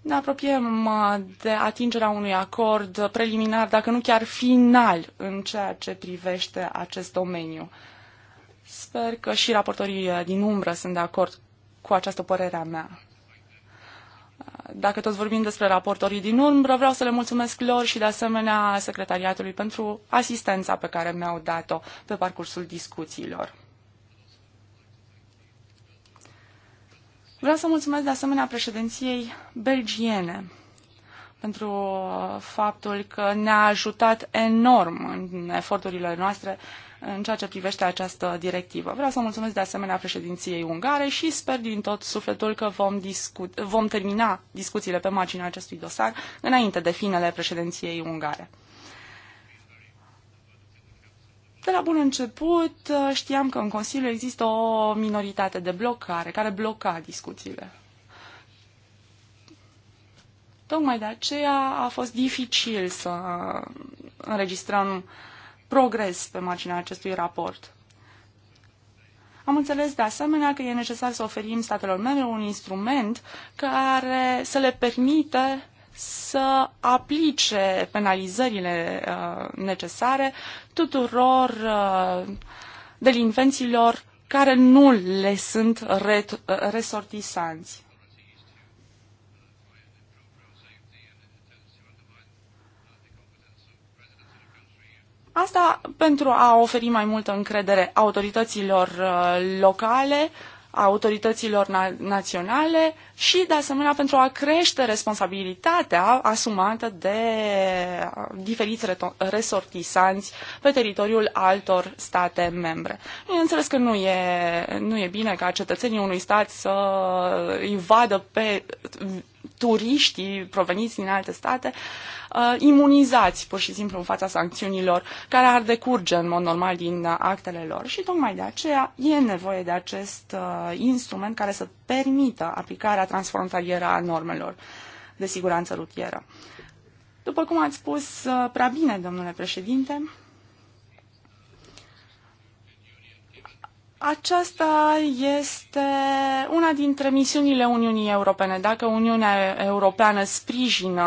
Ne apropiem uh, de atingerea unui acord preliminar, dacă nu chiar final, în ceea ce privește acest domeniu. Sper că și raportorii uh, din umbră sunt de acord cu această părere a mea. Dacă tot vorbim despre raportorii din umbră, vreau să le mulțumesc lor și de asemenea secretariatului pentru asistența pe care mi-au dat-o pe parcursul discuțiilor. Vreau să mulțumesc de asemenea președinției belgiene pentru uh, faptul că ne-a ajutat enorm în eforturile noastre uh, în ceea ce privește această directivă. Vreau să mulțumesc de asemenea președinției ungare și sper din tot sufletul că vom, discu- vom termina discuțiile pe marginea acestui dosar înainte de finele președinției ungare. De la bun început știam că în Consiliu există o minoritate de blocare care bloca discuțiile. Tocmai de aceea a fost dificil să înregistrăm uh, progres pe marginea acestui raport. Am înțeles de asemenea că e necesar să oferim statelor membre un instrument care să le permită să aplice penalizările uh, necesare tuturor uh, delinvenților care nu le sunt ret- uh, resortisanți. Asta pentru a oferi mai multă încredere autorităților uh, locale, autorităților na- naționale și, de asemenea, pentru a crește responsabilitatea asumată de uh, diferiți resortisanți pe teritoriul altor state membre. Bineînțeles că nu e, nu e bine ca cetățenii unui stat să îi vadă pe turiștii proveniți din alte state uh, imunizați pur și simplu în fața sancțiunilor care ar decurge în mod normal din uh, actele lor și tocmai de aceea e nevoie de acest uh, instrument care să permită aplicarea transfrontalieră a normelor de siguranță rutieră. După cum ați spus uh, prea bine, domnule președinte, Aceasta este una dintre misiunile Uniunii Europene. Dacă Uniunea Europeană sprijină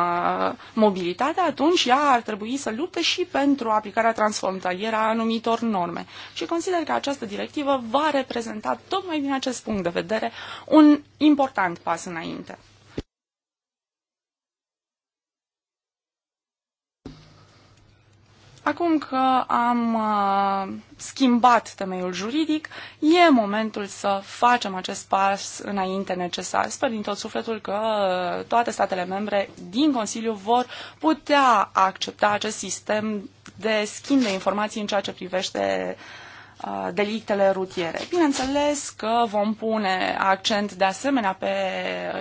mobilitatea, atunci ea ar trebui să lupte și pentru aplicarea transfrontalieră a anumitor norme. Și consider că această directivă va reprezenta, tocmai din acest punct de vedere, un important pas înainte. Acum că am uh, schimbat temeiul juridic, e momentul să facem acest pas înainte necesar. Sper din tot sufletul că uh, toate statele membre din Consiliu vor putea accepta acest sistem de schimb de informații în ceea ce privește uh, Uh, delictele rutiere. Bineînțeles că vom pune accent de asemenea pe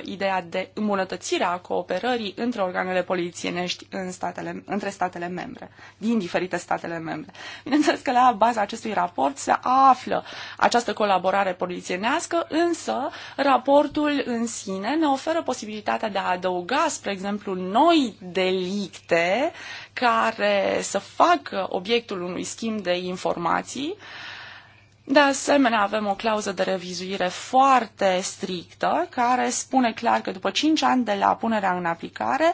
ideea de îmbunătățire a cooperării între organele polițienești în statele, între statele membre, din diferite statele membre. Bineînțeles că la baza acestui raport se află această colaborare polițienească, însă raportul în sine ne oferă posibilitatea de a adăuga, spre exemplu, noi delicte care să facă obiectul unui schimb de informații, de asemenea, avem o clauză de revizuire foarte strictă care spune clar că după 5 ani de la punerea în aplicare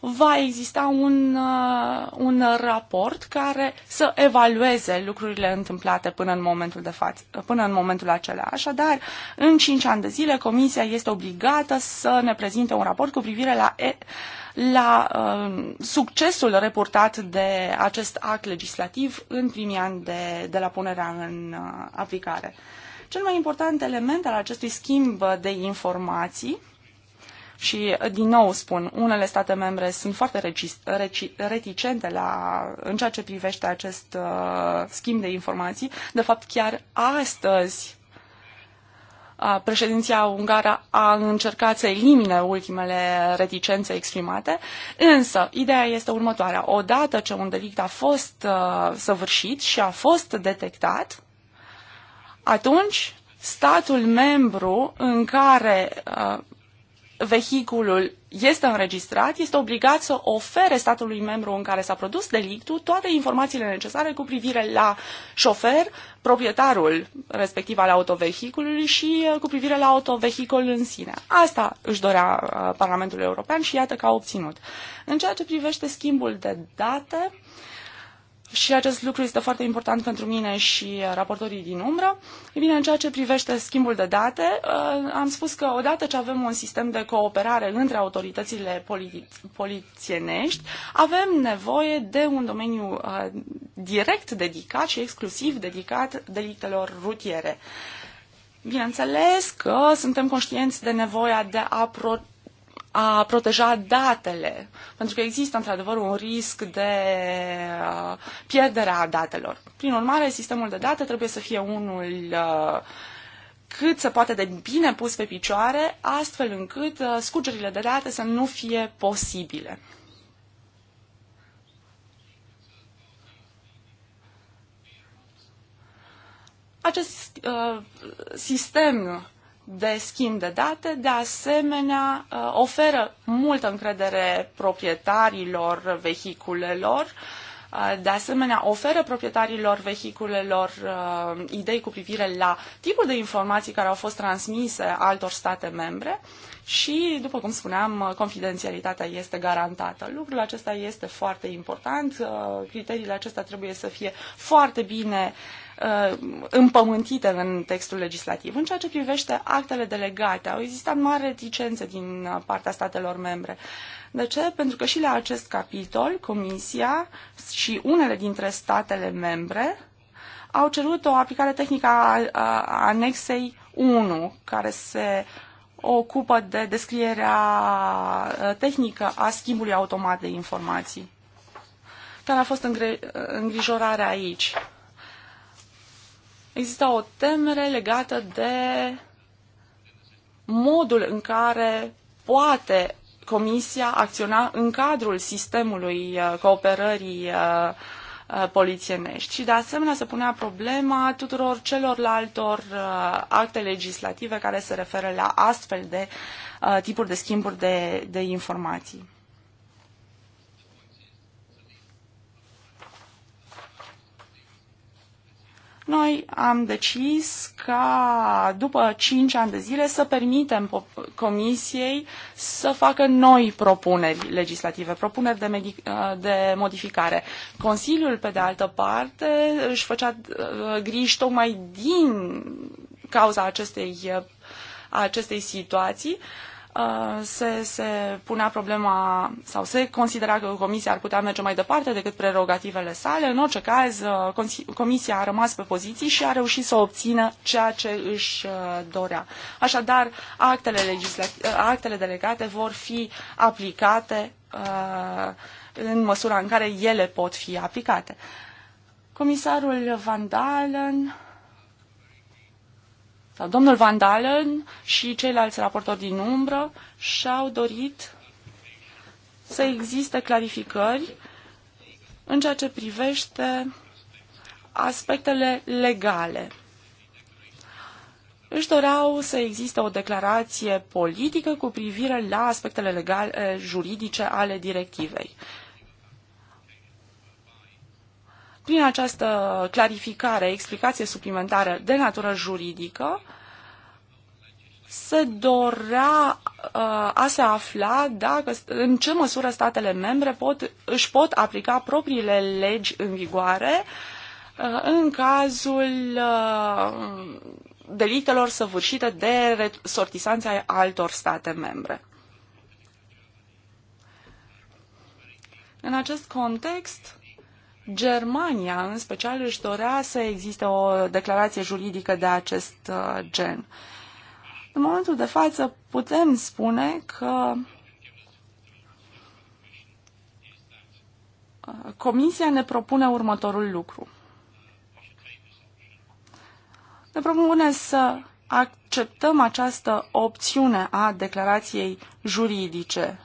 va exista un, uh, un raport care să evalueze lucrurile întâmplate până în momentul de față, până în momentul acela. Așadar, în 5 ani de zile, Comisia este obligată să ne prezinte un raport cu privire la e- la uh, succesul reportat de acest act legislativ în primii ani de, de la punerea în uh, aplicare. Cel mai important element al acestui schimb de informații și, uh, din nou spun, unele state membre sunt foarte reticente la, în ceea ce privește acest uh, schimb de informații. De fapt, chiar astăzi președinția ungară a încercat să elimine ultimele reticențe exprimate, însă ideea este următoarea. Odată ce un delict a fost uh, săvârșit și a fost detectat, atunci statul membru în care uh, vehiculul este înregistrat, este obligat să ofere statului membru în care s-a produs delictul toate informațiile necesare cu privire la șofer, proprietarul respectiv al autovehiculului și uh, cu privire la autovehicul în sine. Asta își dorea uh, Parlamentul European și iată că a obținut. În ceea ce privește schimbul de date, uh, și acest lucru este foarte important pentru mine și raportorii din umbră. E bine, în ceea ce privește schimbul de date, uh, am spus că odată ce avem un sistem de cooperare între autoritățile poli- polițienești, avem nevoie de un domeniu uh, direct dedicat și exclusiv dedicat delictelor rutiere. Bineînțeles că suntem conștienți de nevoia de a pro- a proteja datele, pentru că există într-adevăr un risc de uh, pierderea datelor. Prin urmare, sistemul de date trebuie să fie unul uh, cât se poate de bine pus pe picioare, astfel încât uh, scurgerile de date să nu fie posibile. Acest uh, sistem de schimb de date, de asemenea uh, oferă multă încredere proprietarilor vehiculelor, uh, de asemenea oferă proprietarilor vehiculelor uh, idei cu privire la tipul de informații care au fost transmise altor state membre și, după cum spuneam, confidențialitatea este garantată. Lucrul acesta este foarte important, criteriile acestea trebuie să fie foarte bine Uh, împământite în textul legislativ. În ceea ce privește actele delegate, au existat mari reticențe din partea statelor membre. De ce? Pentru că și la acest capitol, Comisia și unele dintre statele membre au cerut o aplicare tehnică a, a anexei 1, care se ocupă de descrierea uh, tehnică a schimbului automat de informații. Care a fost uh, îngrijorarea aici? exista o temere legată de modul în care poate Comisia acționa în cadrul sistemului uh, cooperării uh, uh, polițienești. Și de asemenea se punea problema tuturor celorlaltor acte legislative care se referă la astfel de tipuri de schimburi de, de informații. Noi am decis ca după 5 ani de zile să permitem Comisiei să facă noi propuneri legislative, propuneri de, uh, de modificare. Consiliul, pe de altă parte, își făcea uh, griji tocmai din cauza acestei, uh, acestei situații Uh, se, se punea problema sau se considera că Comisia ar putea merge mai departe decât prerogativele sale. În orice caz, uh, Comisia a rămas pe poziții și a reușit să obțină ceea ce își uh, dorea. Așadar, actele, actele delegate vor fi aplicate în măsura în care ele pot fi aplicate. Comisarul Van Dalen sau domnul Van Dalen și ceilalți raportori din umbră și-au dorit să existe clarificări în ceea ce privește aspectele legale. Își doreau să existe o declarație politică cu privire la aspectele legale, eh, juridice ale directivei. Prin această clarificare, explicație suplimentară de natură juridică, se dorea uh, a se afla dacă, în ce măsură statele membre pot, își pot aplica propriile legi în vigoare uh, în cazul uh, delitelor săvârșite de sortisanțe ai altor state membre. În acest context, Germania, în special, își dorea să existe o declarație juridică de acest uh, gen. În momentul de față putem spune că uh, Comisia ne propune următorul lucru. Ne propune să acceptăm această opțiune a declarației juridice.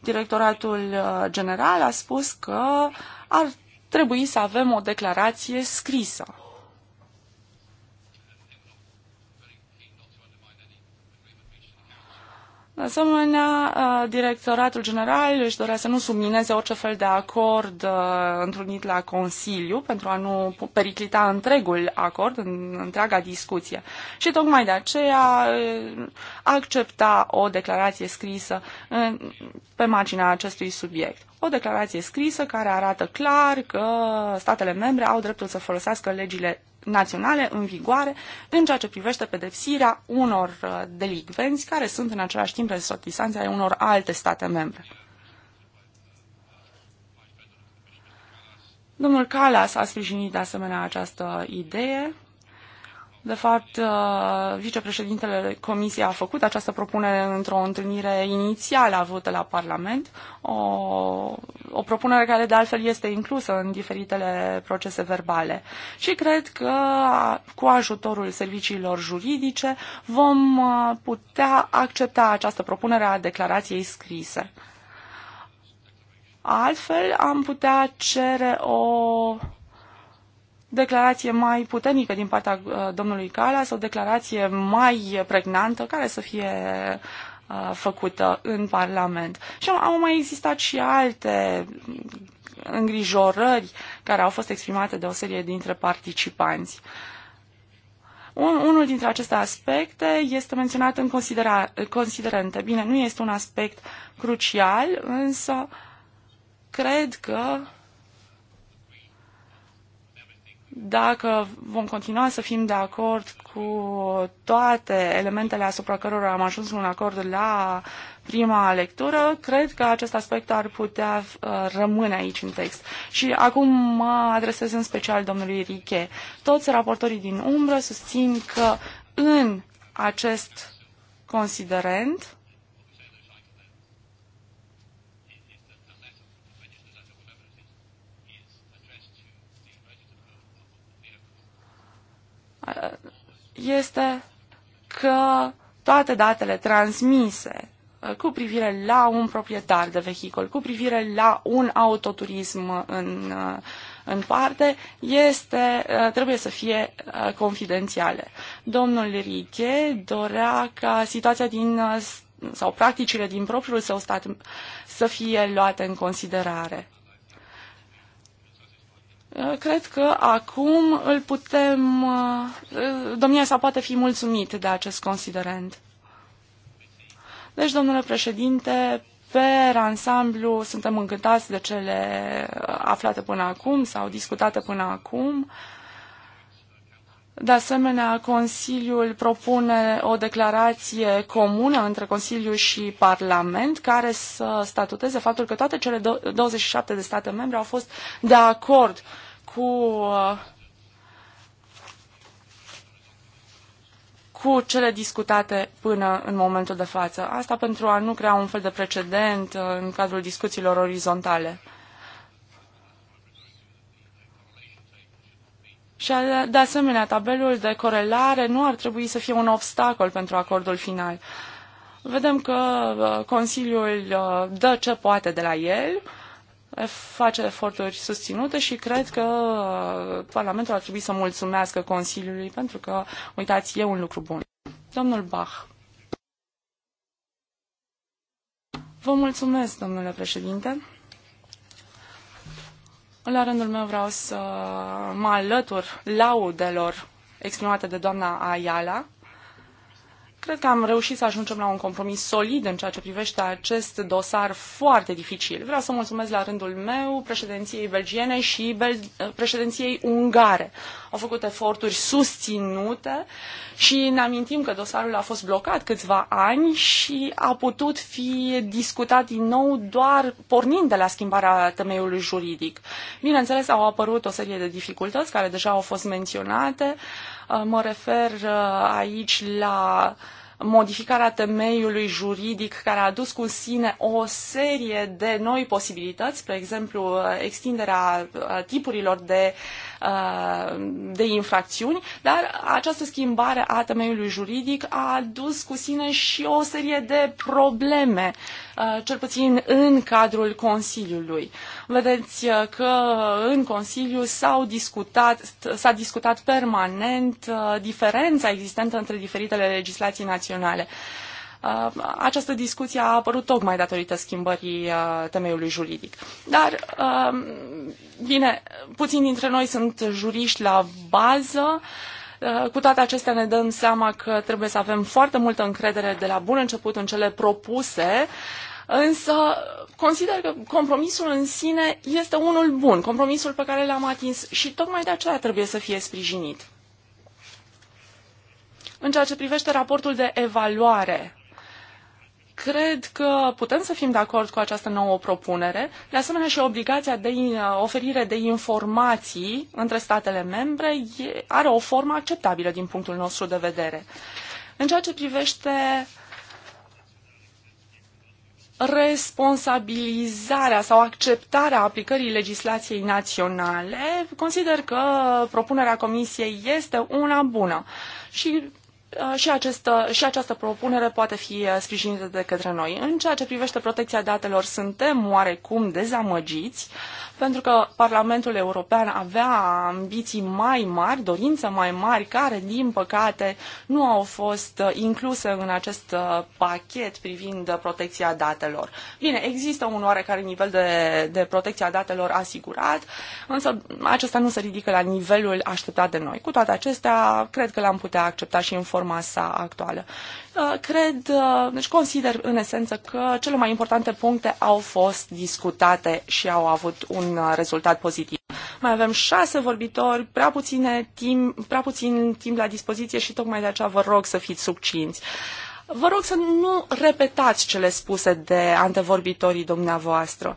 Directoratul uh, general a spus că ar trebui să avem o declarație scrisă. De asemenea, uh, directoratul general își dorea să nu submineze orice fel de acord uh, întrunit la Consiliu pentru a nu periclita întregul acord, întreaga discuție. Și tocmai de aceea uh, accepta o declarație scrisă pe marginea acestui subiect o declarație scrisă care arată clar că statele membre au dreptul să folosească legile naționale în vigoare în ceea ce privește pedepsirea unor uh, delicvenți care sunt în același timp resortisanți ai unor alte state membre. Domnul Calas a sprijinit de asemenea această idee de fapt, uh, vicepreședintele Comisiei a făcut această propunere într-o întâlnire inițială avută la Parlament, o, o propunere care de altfel este inclusă în diferitele procese verbale. Și cred că cu ajutorul serviciilor juridice vom uh, putea accepta această propunere a declarației scrise. Altfel, am putea cere o declarație mai puternică din partea uh, domnului Calas, o declarație mai pregnantă care să fie uh, făcută în Parlament. Și au mai existat și alte îngrijorări care au fost exprimate de o serie dintre participanți. Un, unul dintre aceste aspecte este menționat în considerente. Bine, nu este un aspect crucial, însă cred că dacă vom continua să fim de acord cu toate elementele asupra cărora am ajuns un acord la prima lectură, cred că acest aspect ar putea uh, rămâne aici în text. Și acum mă adresez în special domnului Riche. Toți raportorii din umbră susțin că în acest considerent Uh, este că toate datele transmise uh, cu privire la un proprietar de vehicul, cu privire la un autoturism în, uh, în parte, este, trebuie să fie confidențiale. Domnul Riche dorea ca situația din sau practicile din propriul său stat să fie luate în considerare. Uh, cred că acum îl putem, uh, domnia sa poate fi mulțumit de acest considerent. Deci, domnule președinte, pe ansamblu suntem încântați de cele uh, aflate până acum sau discutate până acum. Uh, de asemenea, Consiliul propune o declarație comună între Consiliu și Parlament care să statuteze faptul că toate cele 27 de state membre au fost de acord cu cu cele discutate până în momentul de față. Asta pentru a nu crea un fel de precedent în cadrul discuțiilor orizontale. Și de asemenea, tabelul de corelare nu ar trebui să fie un obstacol pentru acordul final. Vedem că uh, Consiliul uh, dă ce poate de la el, face eforturi susținute și cred că uh, Parlamentul ar trebui să mulțumească Consiliului pentru că, uitați, e un lucru bun. Domnul Bach. Vă mulțumesc, domnule președinte. La rândul meu vreau să mă alătur laudelor exprimate de doamna Ayala Cred că am reușit să ajungem la un compromis solid în ceea ce privește acest dosar foarte dificil. Vreau să mulțumesc la rândul meu președinției belgiene și bel- președinției ungare. Au făcut eforturi susținute și ne amintim că dosarul a fost blocat câțiva ani și a putut fi discutat din nou doar pornind de la schimbarea temeiului juridic. Bineînțeles, au apărut o serie de dificultăți care deja au fost menționate. Uh, Uh, mă refer uh, aici la modificarea temeiului juridic care a adus cu sine o serie de noi posibilități, spre exemplu uh, extinderea tipurilor de uh, Uh, de infracțiuni, dar această schimbare a temeiului juridic a adus cu sine și o serie de probleme, uh, cel puțin în cadrul Consiliului. Vedeți uh, că în Consiliu s-au discutat, s-a discutat permanent diferența existentă între diferitele legislații naționale. Uh, această discuție a apărut tocmai datorită schimbării uh, temeiului juridic. Dar, um, bine, puțini dintre noi sunt juriști la bază, uh, cu toate acestea ne dăm seama că trebuie să avem foarte multă încredere de la bun început în cele propuse, însă consider că compromisul în sine este unul bun, compromisul pe care l-am atins și tocmai de aceea trebuie să fie sprijinit. În ceea ce privește raportul de evaluare cred că putem să fim de acord cu această nouă propunere, de asemenea și obligația de uh, oferire de informații între statele membre are o formă acceptabilă din punctul nostru de vedere. În ceea ce privește responsabilizarea sau acceptarea aplicării legislației naționale, consider că propunerea Comisiei este una bună. Și Uh, și, această, uh, și această propunere poate fi uh, sprijinită de către noi. În ceea ce privește protecția datelor, suntem oarecum dezamăgiți, pentru că Parlamentul European avea ambiții mai mari, dorințe mai mari, care, din păcate, nu au fost incluse în acest pachet privind protecția datelor. Bine, există un oarecare nivel de, de protecția datelor asigurat, însă acesta nu se ridică la nivelul așteptat de noi. Cu toate acestea, cred că l-am putea accepta și în formă forma sa actuală. Uh, cred, uh, deci consider în esență că cele mai importante puncte au fost discutate și au avut un uh, rezultat pozitiv. Mai avem șase vorbitori, prea, puține timp, prea puțin timp la dispoziție și tocmai de aceea vă rog să fiți subcinți. Vă rog să nu repetați cele spuse de antevorbitorii dumneavoastră.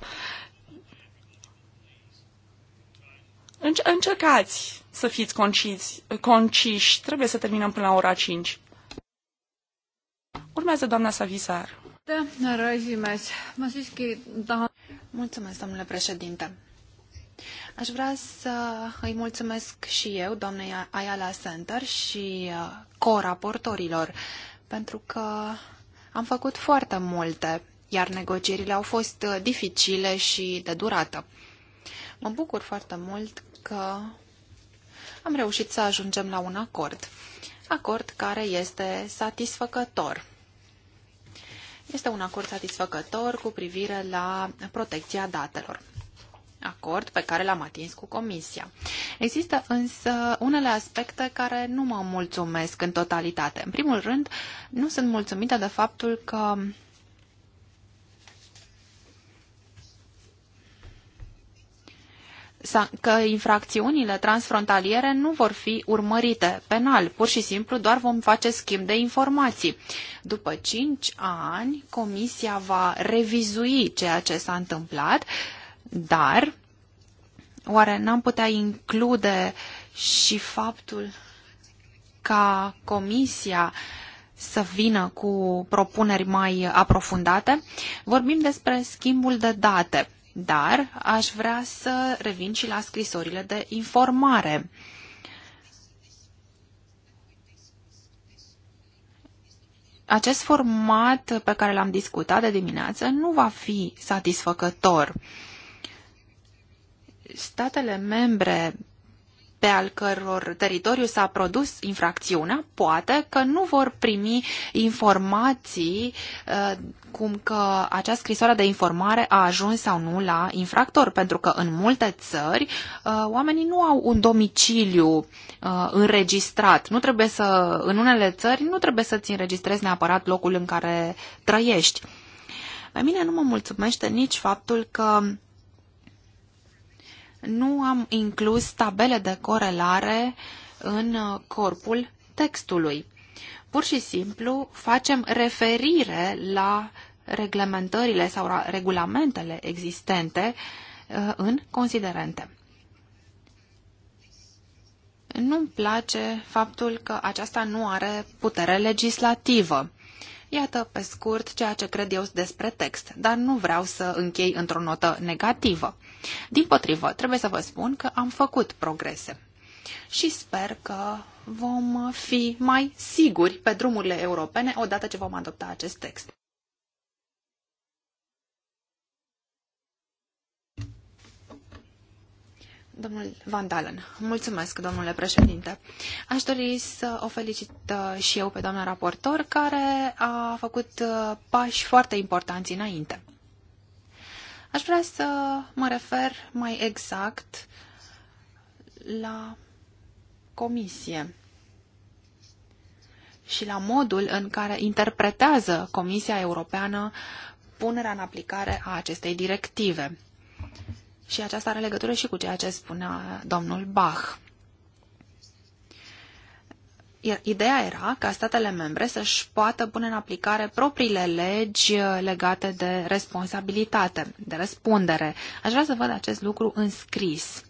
Încercați să fiți conciți, conciși. Trebuie să terminăm până la ora 5. Urmează doamna Savisar. Da- mulțumesc, domnule președinte. Aș vrea să îi mulțumesc și eu, doamnei Ayala Center și uh, co-raportorilor, pentru că am făcut foarte multe, iar negocierile au fost uh, dificile și de durată. Mă bucur foarte mult că am reușit să ajungem la un acord. Acord care este satisfăcător. Este un acord satisfăcător cu privire la protecția datelor acord pe care l-am atins cu Comisia. Există însă unele aspecte care nu mă mulțumesc în totalitate. În primul rând, nu sunt mulțumită de faptul că că infracțiunile transfrontaliere nu vor fi urmărite penal, pur și simplu doar vom face schimb de informații. După 5 ani, Comisia va revizui ceea ce s-a întâmplat, dar oare n-am putea include și faptul ca Comisia să vină cu propuneri mai aprofundate? Vorbim despre schimbul de date dar aș vrea să revin și la scrisorile de informare. Acest format pe care l-am discutat de dimineață nu va fi satisfăcător statele membre pe al căror teritoriu s-a produs infracțiunea, poate că nu vor primi informații uh, cum că acea scrisoare de informare a ajuns sau nu la infractor, pentru că în multe țări uh, oamenii nu au un domiciliu uh, înregistrat. Nu trebuie să, în unele țări nu trebuie să-ți înregistrezi neapărat locul în care trăiești. Pe mine nu mă mulțumește nici faptul că nu am inclus tabele de corelare în uh, corpul textului. Pur și simplu facem referire la reglementările sau la regulamentele existente uh, în considerente. Nu-mi place faptul că aceasta nu are putere legislativă. Iată, pe scurt, ceea ce cred eu despre text, dar nu vreau să închei într-o notă negativă. Din potrivă, trebuie să vă spun că am făcut progrese și sper că vom fi mai siguri pe drumurile europene odată ce vom adopta acest text. Domnul Van Dalen. Mulțumesc, domnule președinte. Aș dori să o felicit uh, și eu pe doamna raportor, care a făcut uh, pași foarte importanți înainte. Aș vrea să mă refer mai exact la comisie și la modul în care interpretează Comisia Europeană punerea în aplicare a acestei directive. Și aceasta are legătură și cu ceea ce spunea domnul Bach ideea era ca statele membre să-și poată pune în aplicare propriile legi uh, legate de responsabilitate, de răspundere. Aș vrea să văd acest lucru înscris.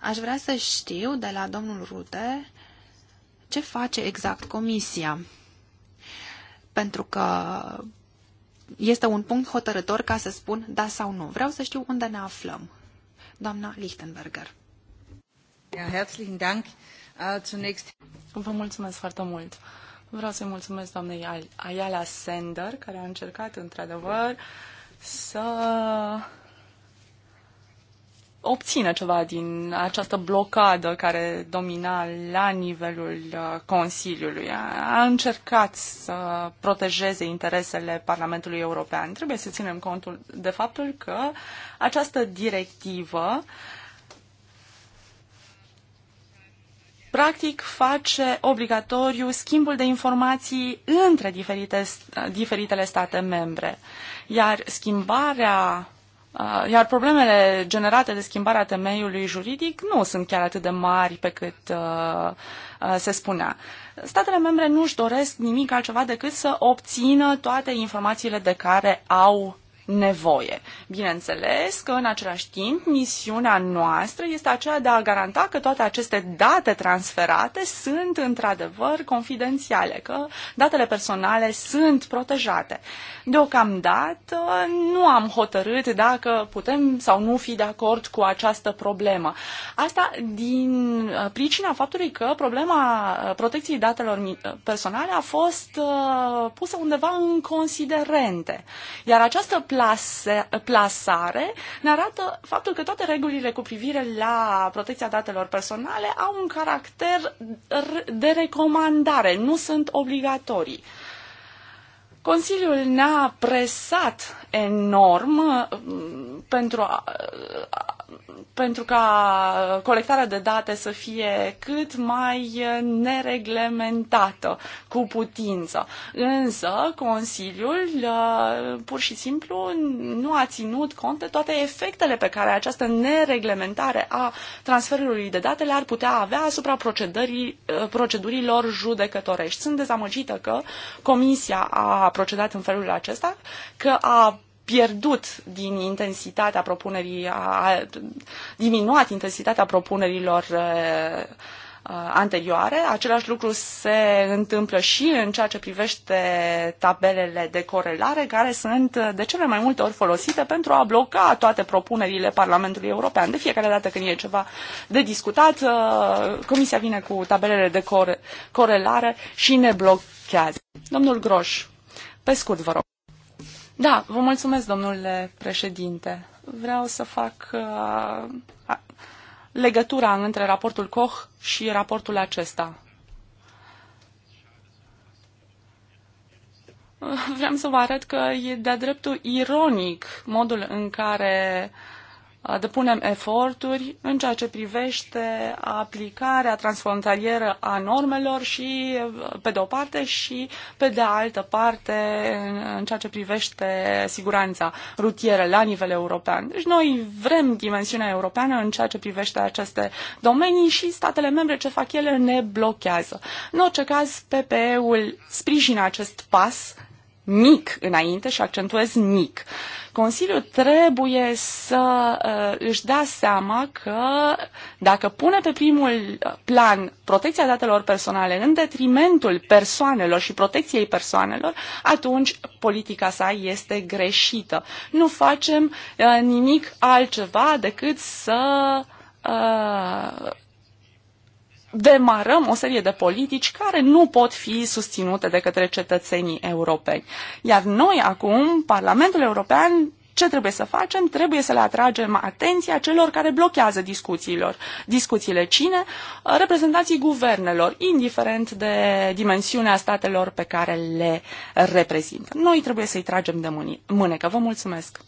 Aș vrea să știu de la domnul Rute ce face exact comisia. Pentru că este un punct hotărător ca să spun da sau nu. Vreau să știu unde ne aflăm. Doamna Lichtenberger. Ja, herzlichen Dank. Uh, vă mulțumesc foarte mult. Vreau să-i mulțumesc doamnei Ayala Sender, care a încercat, într-adevăr, să obțină ceva din această blocadă care domina la nivelul uh, Consiliului. A încercat să protejeze interesele Parlamentului European. Trebuie să ținem contul de faptul că această directivă uh, practic face obligatoriu schimbul de informații între diferite, diferitele state membre. Iar schimbarea iar problemele generate de schimbarea temeiului juridic nu sunt chiar atât de mari pe cât uh, se spunea. Statele membre nu își doresc nimic altceva decât să obțină toate informațiile de care au nevoie. Bineînțeles că, în același timp, misiunea noastră este aceea de a garanta că toate aceste date transferate sunt, într-adevăr, confidențiale, că datele personale sunt protejate. Deocamdată nu am hotărât dacă putem sau nu fi de acord cu această problemă. Asta din uh, pricina faptului că problema uh, protecției datelor uh, personale a fost pusă undeva în considerente. Iar această plase, plasare ne arată faptul că toate regulile cu privire la protecția datelor personale au un caracter de recomandare, nu sunt obligatorii. Consiliul ne-a presat enorm mm, pentru a, pentru ca colectarea de date să fie cât mai nereglementată, cu putință. Însă, Consiliul ă, pur și simplu nu a ținut cont de toate efectele pe care această nereglementare a transferului de date le-ar putea avea asupra ă, procedurilor judecătorești. Sunt dezamăgită că Comisia a procedat în felul acesta, că a pierdut din intensitatea propunerii, a diminuat intensitatea propunerilor anterioare. Același lucru se întâmplă și în ceea ce privește tabelele de corelare, care sunt de cele mai multe ori folosite pentru a bloca toate propunerile Parlamentului European. De fiecare dată când e ceva de discutat, Comisia vine cu tabelele de corelare și ne blochează. Domnul Groș, pe scurt, vă rog. Da, vă mulțumesc, domnule președinte. Vreau să fac uh, legătura între raportul Koch și raportul acesta. Vreau să vă arăt că e de-a dreptul ironic modul în care uh, depunem eforturi în ceea ce privește aplicarea transfrontalieră a normelor și pe de o parte și pe de altă parte în ceea ce privește siguranța rutieră la nivel european. Deci noi vrem dimensiunea europeană în ceea ce privește aceste domenii și statele membre ce fac ele ne blochează. În orice caz, PPE-ul sprijină acest pas mic înainte și accentuez mic Consiliul trebuie să uh, își dea seama că dacă pune pe primul plan protecția datelor personale în detrimentul persoanelor și protecției persoanelor, atunci politica sa este greșită. Nu facem uh, nimic altceva decât să uh, demarăm o serie de politici care nu pot fi susținute de către cetățenii europeni. Iar noi acum, Parlamentul European, ce trebuie să facem? Trebuie să le atragem atenția celor care blochează discuțiilor. Discuțiile cine? Reprezentanții guvernelor, indiferent de dimensiunea statelor pe care le reprezintă. Noi trebuie să-i tragem de mânecă. Vă mulțumesc!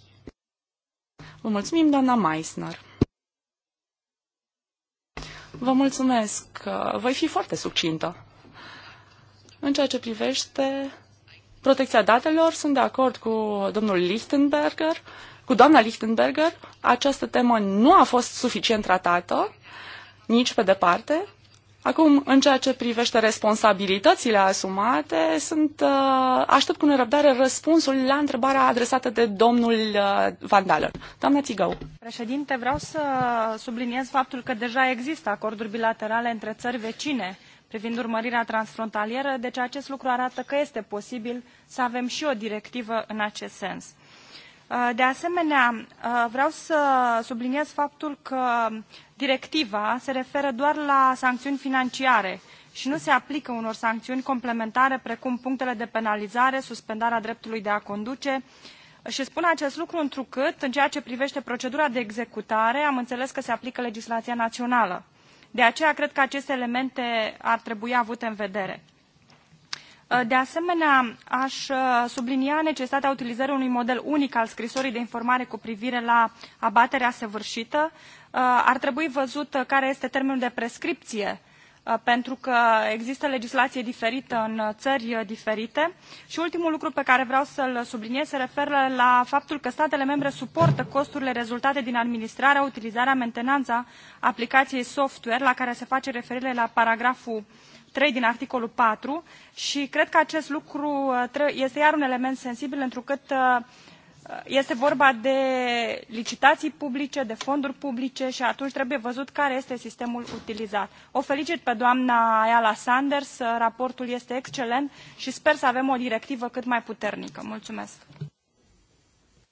Vă mulțumim, doamna Meissner! Vă mulțumesc. Voi fi foarte succintă. În ceea ce privește protecția datelor, sunt de acord cu domnul Lichtenberger, cu doamna Lichtenberger. Această temă nu a fost suficient tratată, nici pe departe. Acum, în ceea ce privește responsabilitățile asumate, sunt, uh, aștept cu nerăbdare răspunsul la întrebarea adresată de domnul uh, Van Dalen. Doamna Țigău. Președinte, vreau să subliniez faptul că deja există acorduri bilaterale între țări vecine privind urmărirea transfrontalieră, deci acest lucru arată că este posibil să avem și o directivă în acest sens. Uh, de asemenea, vreau să subliniez faptul că directiva se referă doar la sancțiuni financiare și nu se aplică unor sancțiuni complementare precum punctele de penalizare, suspendarea dreptului de a conduce, și spun acest lucru întrucât, în ceea ce privește procedura de executare, am înțeles că se aplică legislația națională. De aceea, cred că aceste elemente ar trebui avute în vedere. Uh, de asemenea, aș uh, sublinia necesitatea utilizării unui model unic al scrisorii de informare cu privire la abaterea săvârșită, Uh, ar trebui văzut uh, care este termenul de prescripție uh, pentru că există legislație diferită în țări diferite. Și ultimul lucru pe care vreau să-l subliniez se referă la faptul că statele membre suportă costurile rezultate din administrarea, utilizarea, mentenanța aplicației software, la care se face referire la paragraful 3 din articolul 4 și cred că acest lucru este iar un element sensibil, întrucât este vorba de licitații publice, de fonduri publice și atunci trebuie văzut care este sistemul utilizat. O felicit pe doamna Ayala Sanders, raportul este excelent și sper să avem o directivă cât mai puternică. Mulțumesc.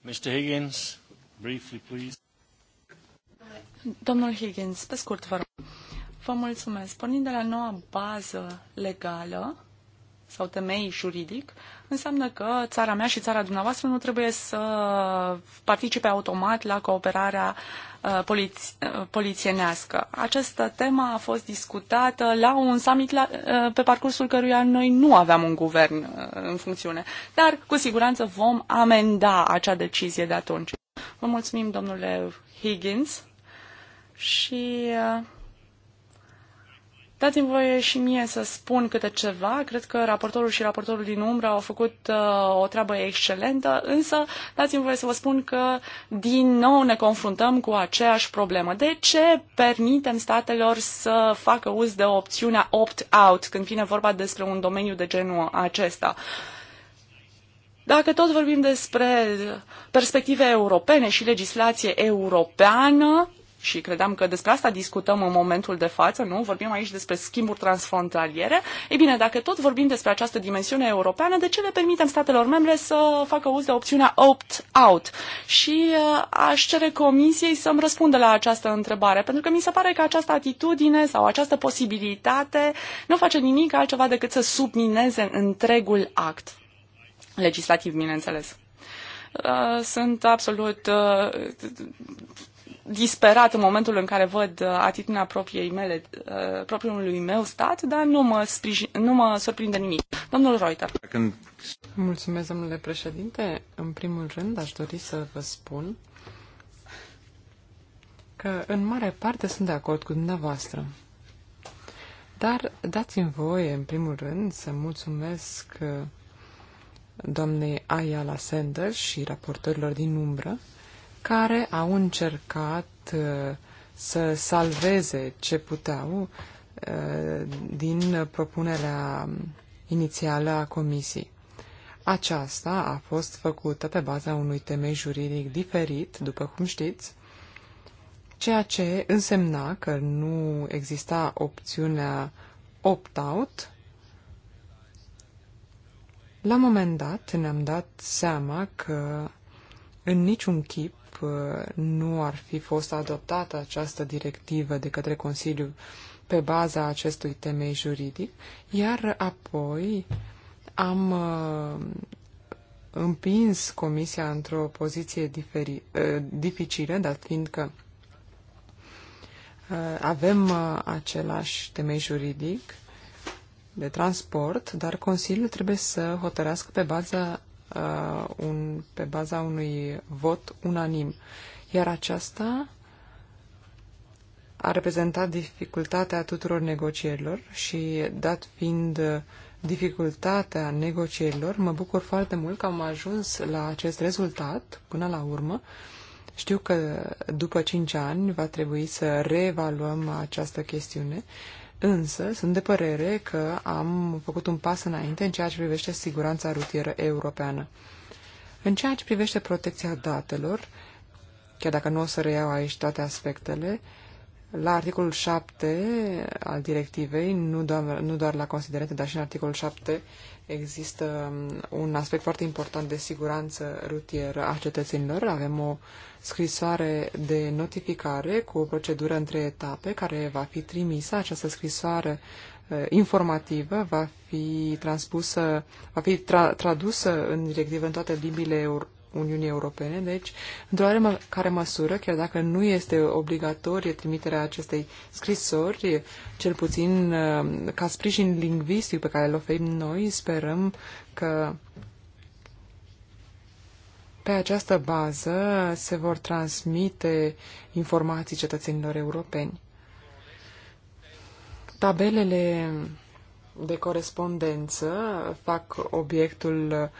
Mr. Higgins, briefly, please. Domnul Higgins, pe scurt, vă rog. Vă mulțumesc. Pornind de la noua bază legală, sau temei juridic, înseamnă că țara mea și țara dumneavoastră nu trebuie să participe automat la cooperarea uh, poliți- uh, polițienească. Această temă a fost discutată la un summit la, uh, pe parcursul căruia noi nu aveam un guvern în funcțiune, dar cu siguranță vom amenda acea decizie de atunci. Vă mulțumim, domnule Higgins, și Dați-mi voie și mie să spun câte ceva. Cred că raportorul și raportorul din umbră au făcut uh, o treabă excelentă, însă dați-mi voie să vă spun că din nou ne confruntăm cu aceeași problemă. De ce permitem statelor să facă uz de opțiunea opt-out când vine vorba despre un domeniu de genul acesta? Dacă tot vorbim despre perspective europene și legislație europeană, și credeam că despre asta discutăm în momentul de față, nu? Vorbim aici despre schimburi transfrontaliere. Ei bine, dacă tot vorbim despre această dimensiune europeană, de ce le permitem statelor membre să facă uz de opțiunea opt-out? Și uh, aș cere comisiei să-mi răspundă la această întrebare, pentru că mi se pare că această atitudine sau această posibilitate nu face nimic altceva decât să submineze întregul act legislativ, bineînțeles uh, sunt absolut uh, disperat în momentul în care văd uh, atitudinea propriei mele, uh, propriului meu stat, dar nu mă, sprijin, nu mă surprinde nimic. Domnul Reuter. Mulțumesc, domnule președinte. În primul rând, aș dori să vă spun că în mare parte sunt de acord cu dumneavoastră. Dar dați-mi voie, în primul rând, să mulțumesc uh, doamnei Ayala Sender și raportorilor din umbră, care au încercat uh, să salveze ce puteau uh, din propunerea inițială a comisiei. Aceasta a fost făcută pe baza unui temei juridic diferit, după cum știți, ceea ce însemna că nu exista opțiunea opt-out. La un moment dat ne-am dat seama că în niciun chip Uh, nu ar fi fost adoptată această directivă de către Consiliu pe baza acestui temei juridic, iar apoi am uh, împins Comisia într-o poziție diferi, uh, dificilă, dar fiindcă avem același temei juridic de transport, dar Consiliul trebuie să hotărească pe baza uh, un, pe baza unui vot unanim. Iar aceasta a reprezentat dificultatea tuturor negocierilor și dat fiind dificultatea negocierilor, mă bucur foarte mult că am ajuns la acest rezultat până la urmă. Știu că după 5 ani va trebui să reevaluăm această chestiune Însă, sunt de părere că am făcut un pas înainte în ceea ce privește siguranța rutieră europeană. În ceea ce privește protecția datelor, chiar dacă nu o să reiau aici toate aspectele, la articolul 7 al directivei, nu doar, nu doar la considerente, dar și în articolul 7, există um, un aspect foarte important de siguranță rutieră a cetățenilor. Avem o scrisoare de notificare cu o procedură între etape care va fi trimisă. Această scrisoare uh, informativă va fi transpusă, va fi tra- tradusă în directivă în toate limbile Uniunii Europene. Deci, într-o care măsură, chiar dacă nu este obligatorie trimiterea acestei scrisori, cel puțin uh, ca sprijin lingvistic pe care îl oferim noi, sperăm că pe această bază se vor transmite informații cetățenilor europeni. Tabelele de corespondență fac obiectul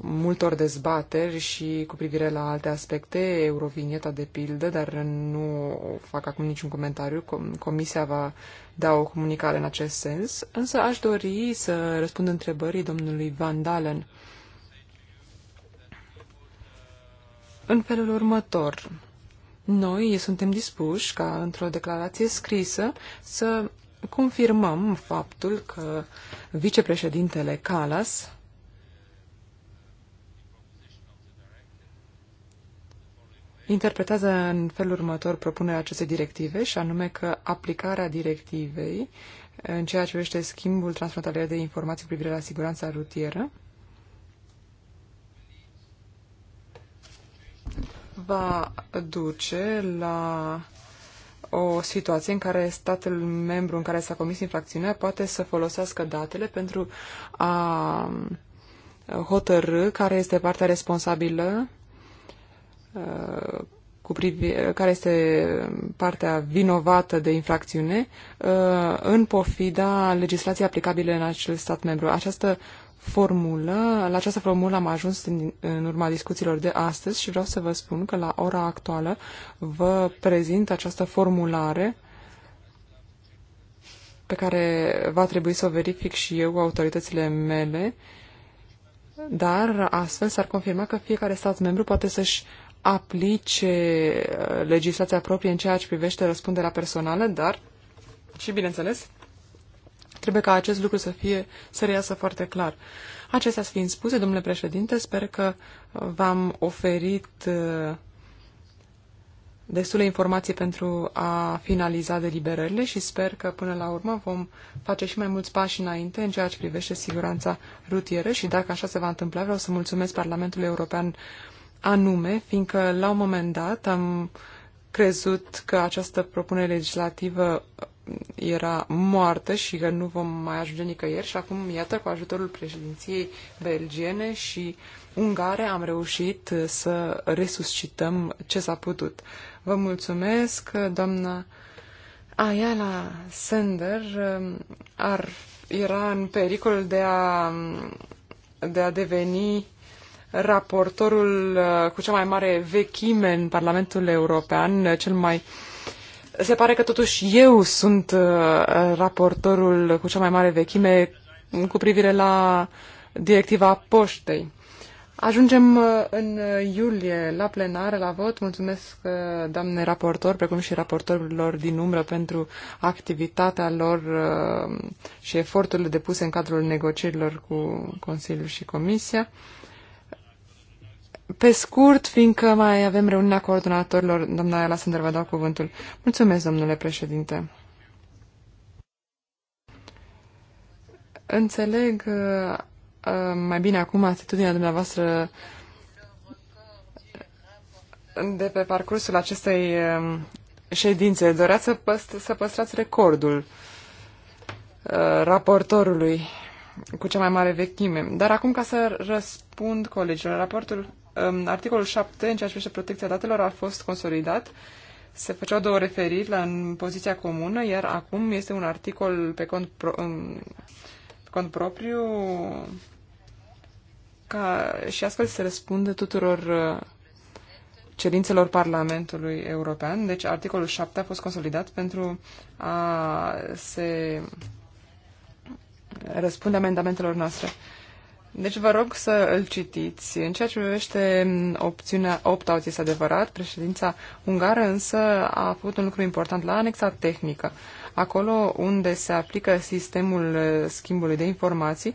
multor dezbateri și cu privire la alte aspecte, Eurovinieta de pildă, dar nu fac acum niciun comentariu. Comisia va da o comunicare în acest sens, însă aș dori să răspund întrebării domnului Van Dalen. În felul următor, noi suntem dispuși ca într-o declarație scrisă să confirmăm faptul că vicepreședintele Calas interpretează în felul următor propunerea acestei directive și anume că aplicarea directivei în ceea ce privește schimbul transfrontalier de informații cu privire la siguranța rutieră va duce la o situație în care statul membru în care s-a comis infracțiunea poate să folosească datele pentru a hotărâ care este partea responsabilă cu privire, care este partea vinovată de infracțiune uh, în pofida legislației aplicabile în acel stat membru. Această formulă, la această formulă am ajuns în, în urma discuțiilor de astăzi și vreau să vă spun că la ora actuală vă prezint această formulare pe care va trebui să o verific și eu cu autoritățile mele, dar astfel s-ar confirma că fiecare stat membru poate să-și aplice uh, legislația proprie în ceea ce privește răspunderea personală, dar și, bineînțeles, trebuie ca acest lucru să fie, să reiasă foarte clar. Acestea fiind spuse, domnule președinte, sper că uh, v-am oferit uh, destule informații pentru a finaliza deliberările și sper că până la urmă vom face și mai mulți pași înainte în ceea ce privește siguranța rutieră și dacă așa se va întâmpla, vreau să mulțumesc Parlamentului European anume, fiindcă la un moment dat am crezut că această propunere legislativă era moartă și că nu vom mai ajunge nicăieri și acum, iată, cu ajutorul președinției belgiene și ungare am reușit să resuscităm ce s-a putut. Vă mulțumesc, doamna Ayala Sender ar, era în pericol de a, de a deveni raportorul uh, cu cea mai mare vechime în Parlamentul European, uh, cel mai se pare că totuși eu sunt uh, raportorul cu cea mai mare vechime cu privire la directiva poștei. Ajungem în iulie la plenară, la vot. Mulțumesc, doamne raportor, precum și raportorilor din umbră pentru activitatea lor și eforturile depuse în cadrul negocierilor cu Consiliul și Comisia pe scurt, fiindcă mai avem reuniunea coordonatorilor, doamna Alexander, vă dau cuvântul. Mulțumesc, domnule președinte. Înțeleg uh, uh, mai bine acum atitudinea dumneavoastră de pe parcursul acestei um, ședințe. Doreați să, păst- să păstrați recordul uh, raportorului cu cea mai mare vechime. Dar acum, ca să răspund colegilor, raportul articolul 7, în ceea ce privește protecția datelor, a fost consolidat. Se făceau două referiri la în poziția comună, iar acum este un articol pe cont, pro, pe cont propriu ca și astfel se răspunde tuturor uh, cerințelor Parlamentului European. Deci articolul 7 a fost consolidat pentru a se răspunde amendamentelor noastre. Deci vă rog să îl citiți. În ceea ce privește opțiunea 8 out este adevărat, președința ungară însă a făcut un lucru important la anexa tehnică. Acolo unde se aplică sistemul uh, schimbului de informații,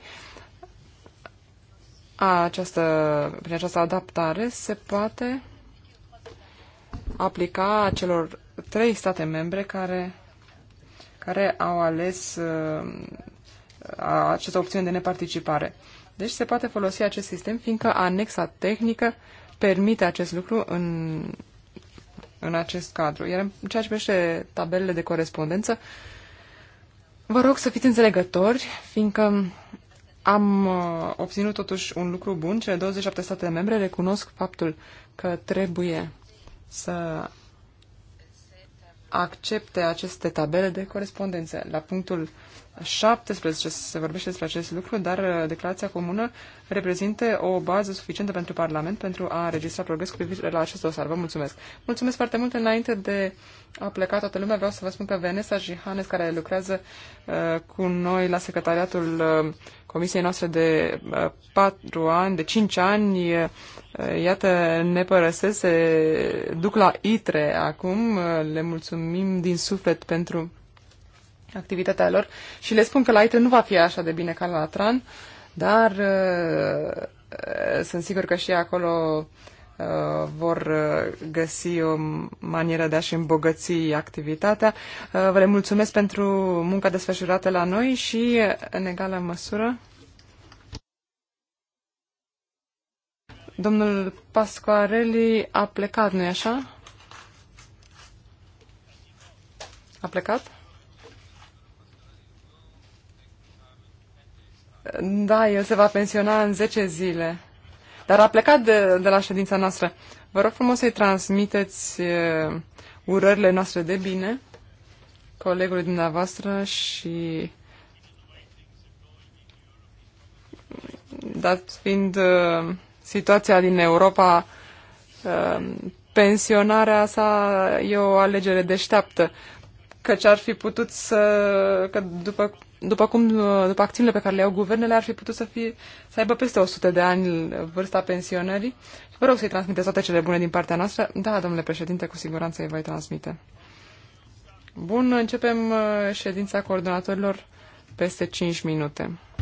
această, prin această adaptare se poate aplica celor trei state membre care, care au ales uh, această opțiune de neparticipare. Deci se poate folosi acest sistem, fiindcă anexa tehnică permite acest lucru în, în acest cadru. Iar în ceea ce privește tabelele de corespondență, vă rog să fiți înțelegători, fiindcă am uh, obținut totuși un lucru bun. Cele 27 state membre recunosc faptul că trebuie să accepte aceste tabele de corespondențe. La punctul 17 se vorbește despre acest lucru, dar uh, declarația comună reprezintă o bază suficientă pentru Parlament pentru a registra progres cu privire la acest dosar. Vă mulțumesc! Mulțumesc foarte mult! Înainte de a pleca toată lumea, vreau să vă spun că Vanessa Jihanes, care lucrează uh, cu noi la secretariatul uh, comisiei noastre de uh, patru ani, de cinci ani, uh, iată, ne părăsesc, se duc la ITRE acum. Uh, le mulțumim din suflet pentru activitatea lor și le spun că la ITRE nu va fi așa de bine ca la TRAN, dar sunt sigur că și acolo uh, Uh, vor uh, găsi o manieră de a-și îmbogăți activitatea. Uh, vă le mulțumesc pentru munca desfășurată la noi și, în egală măsură, domnul Pascoarelli a plecat, nu-i așa? A plecat? Da, el se va pensiona în 10 zile dar a plecat de, de la ședința noastră. Vă rog frumos să-i transmiteți urările noastre de bine colegului dumneavoastră și dat fiind uh, situația din Europa, uh, pensionarea sa e o alegere deșteaptă ce ar fi putut să, că după, după cum, după acțiunile pe care le au guvernele, ar fi putut să, fie, să aibă peste 100 de ani vârsta pensionării. Vă rog să-i transmiteți toate cele bune din partea noastră. Da, domnule președinte, cu siguranță îi voi transmite. Bun, începem uh, ședința coordonatorilor peste 5 minute.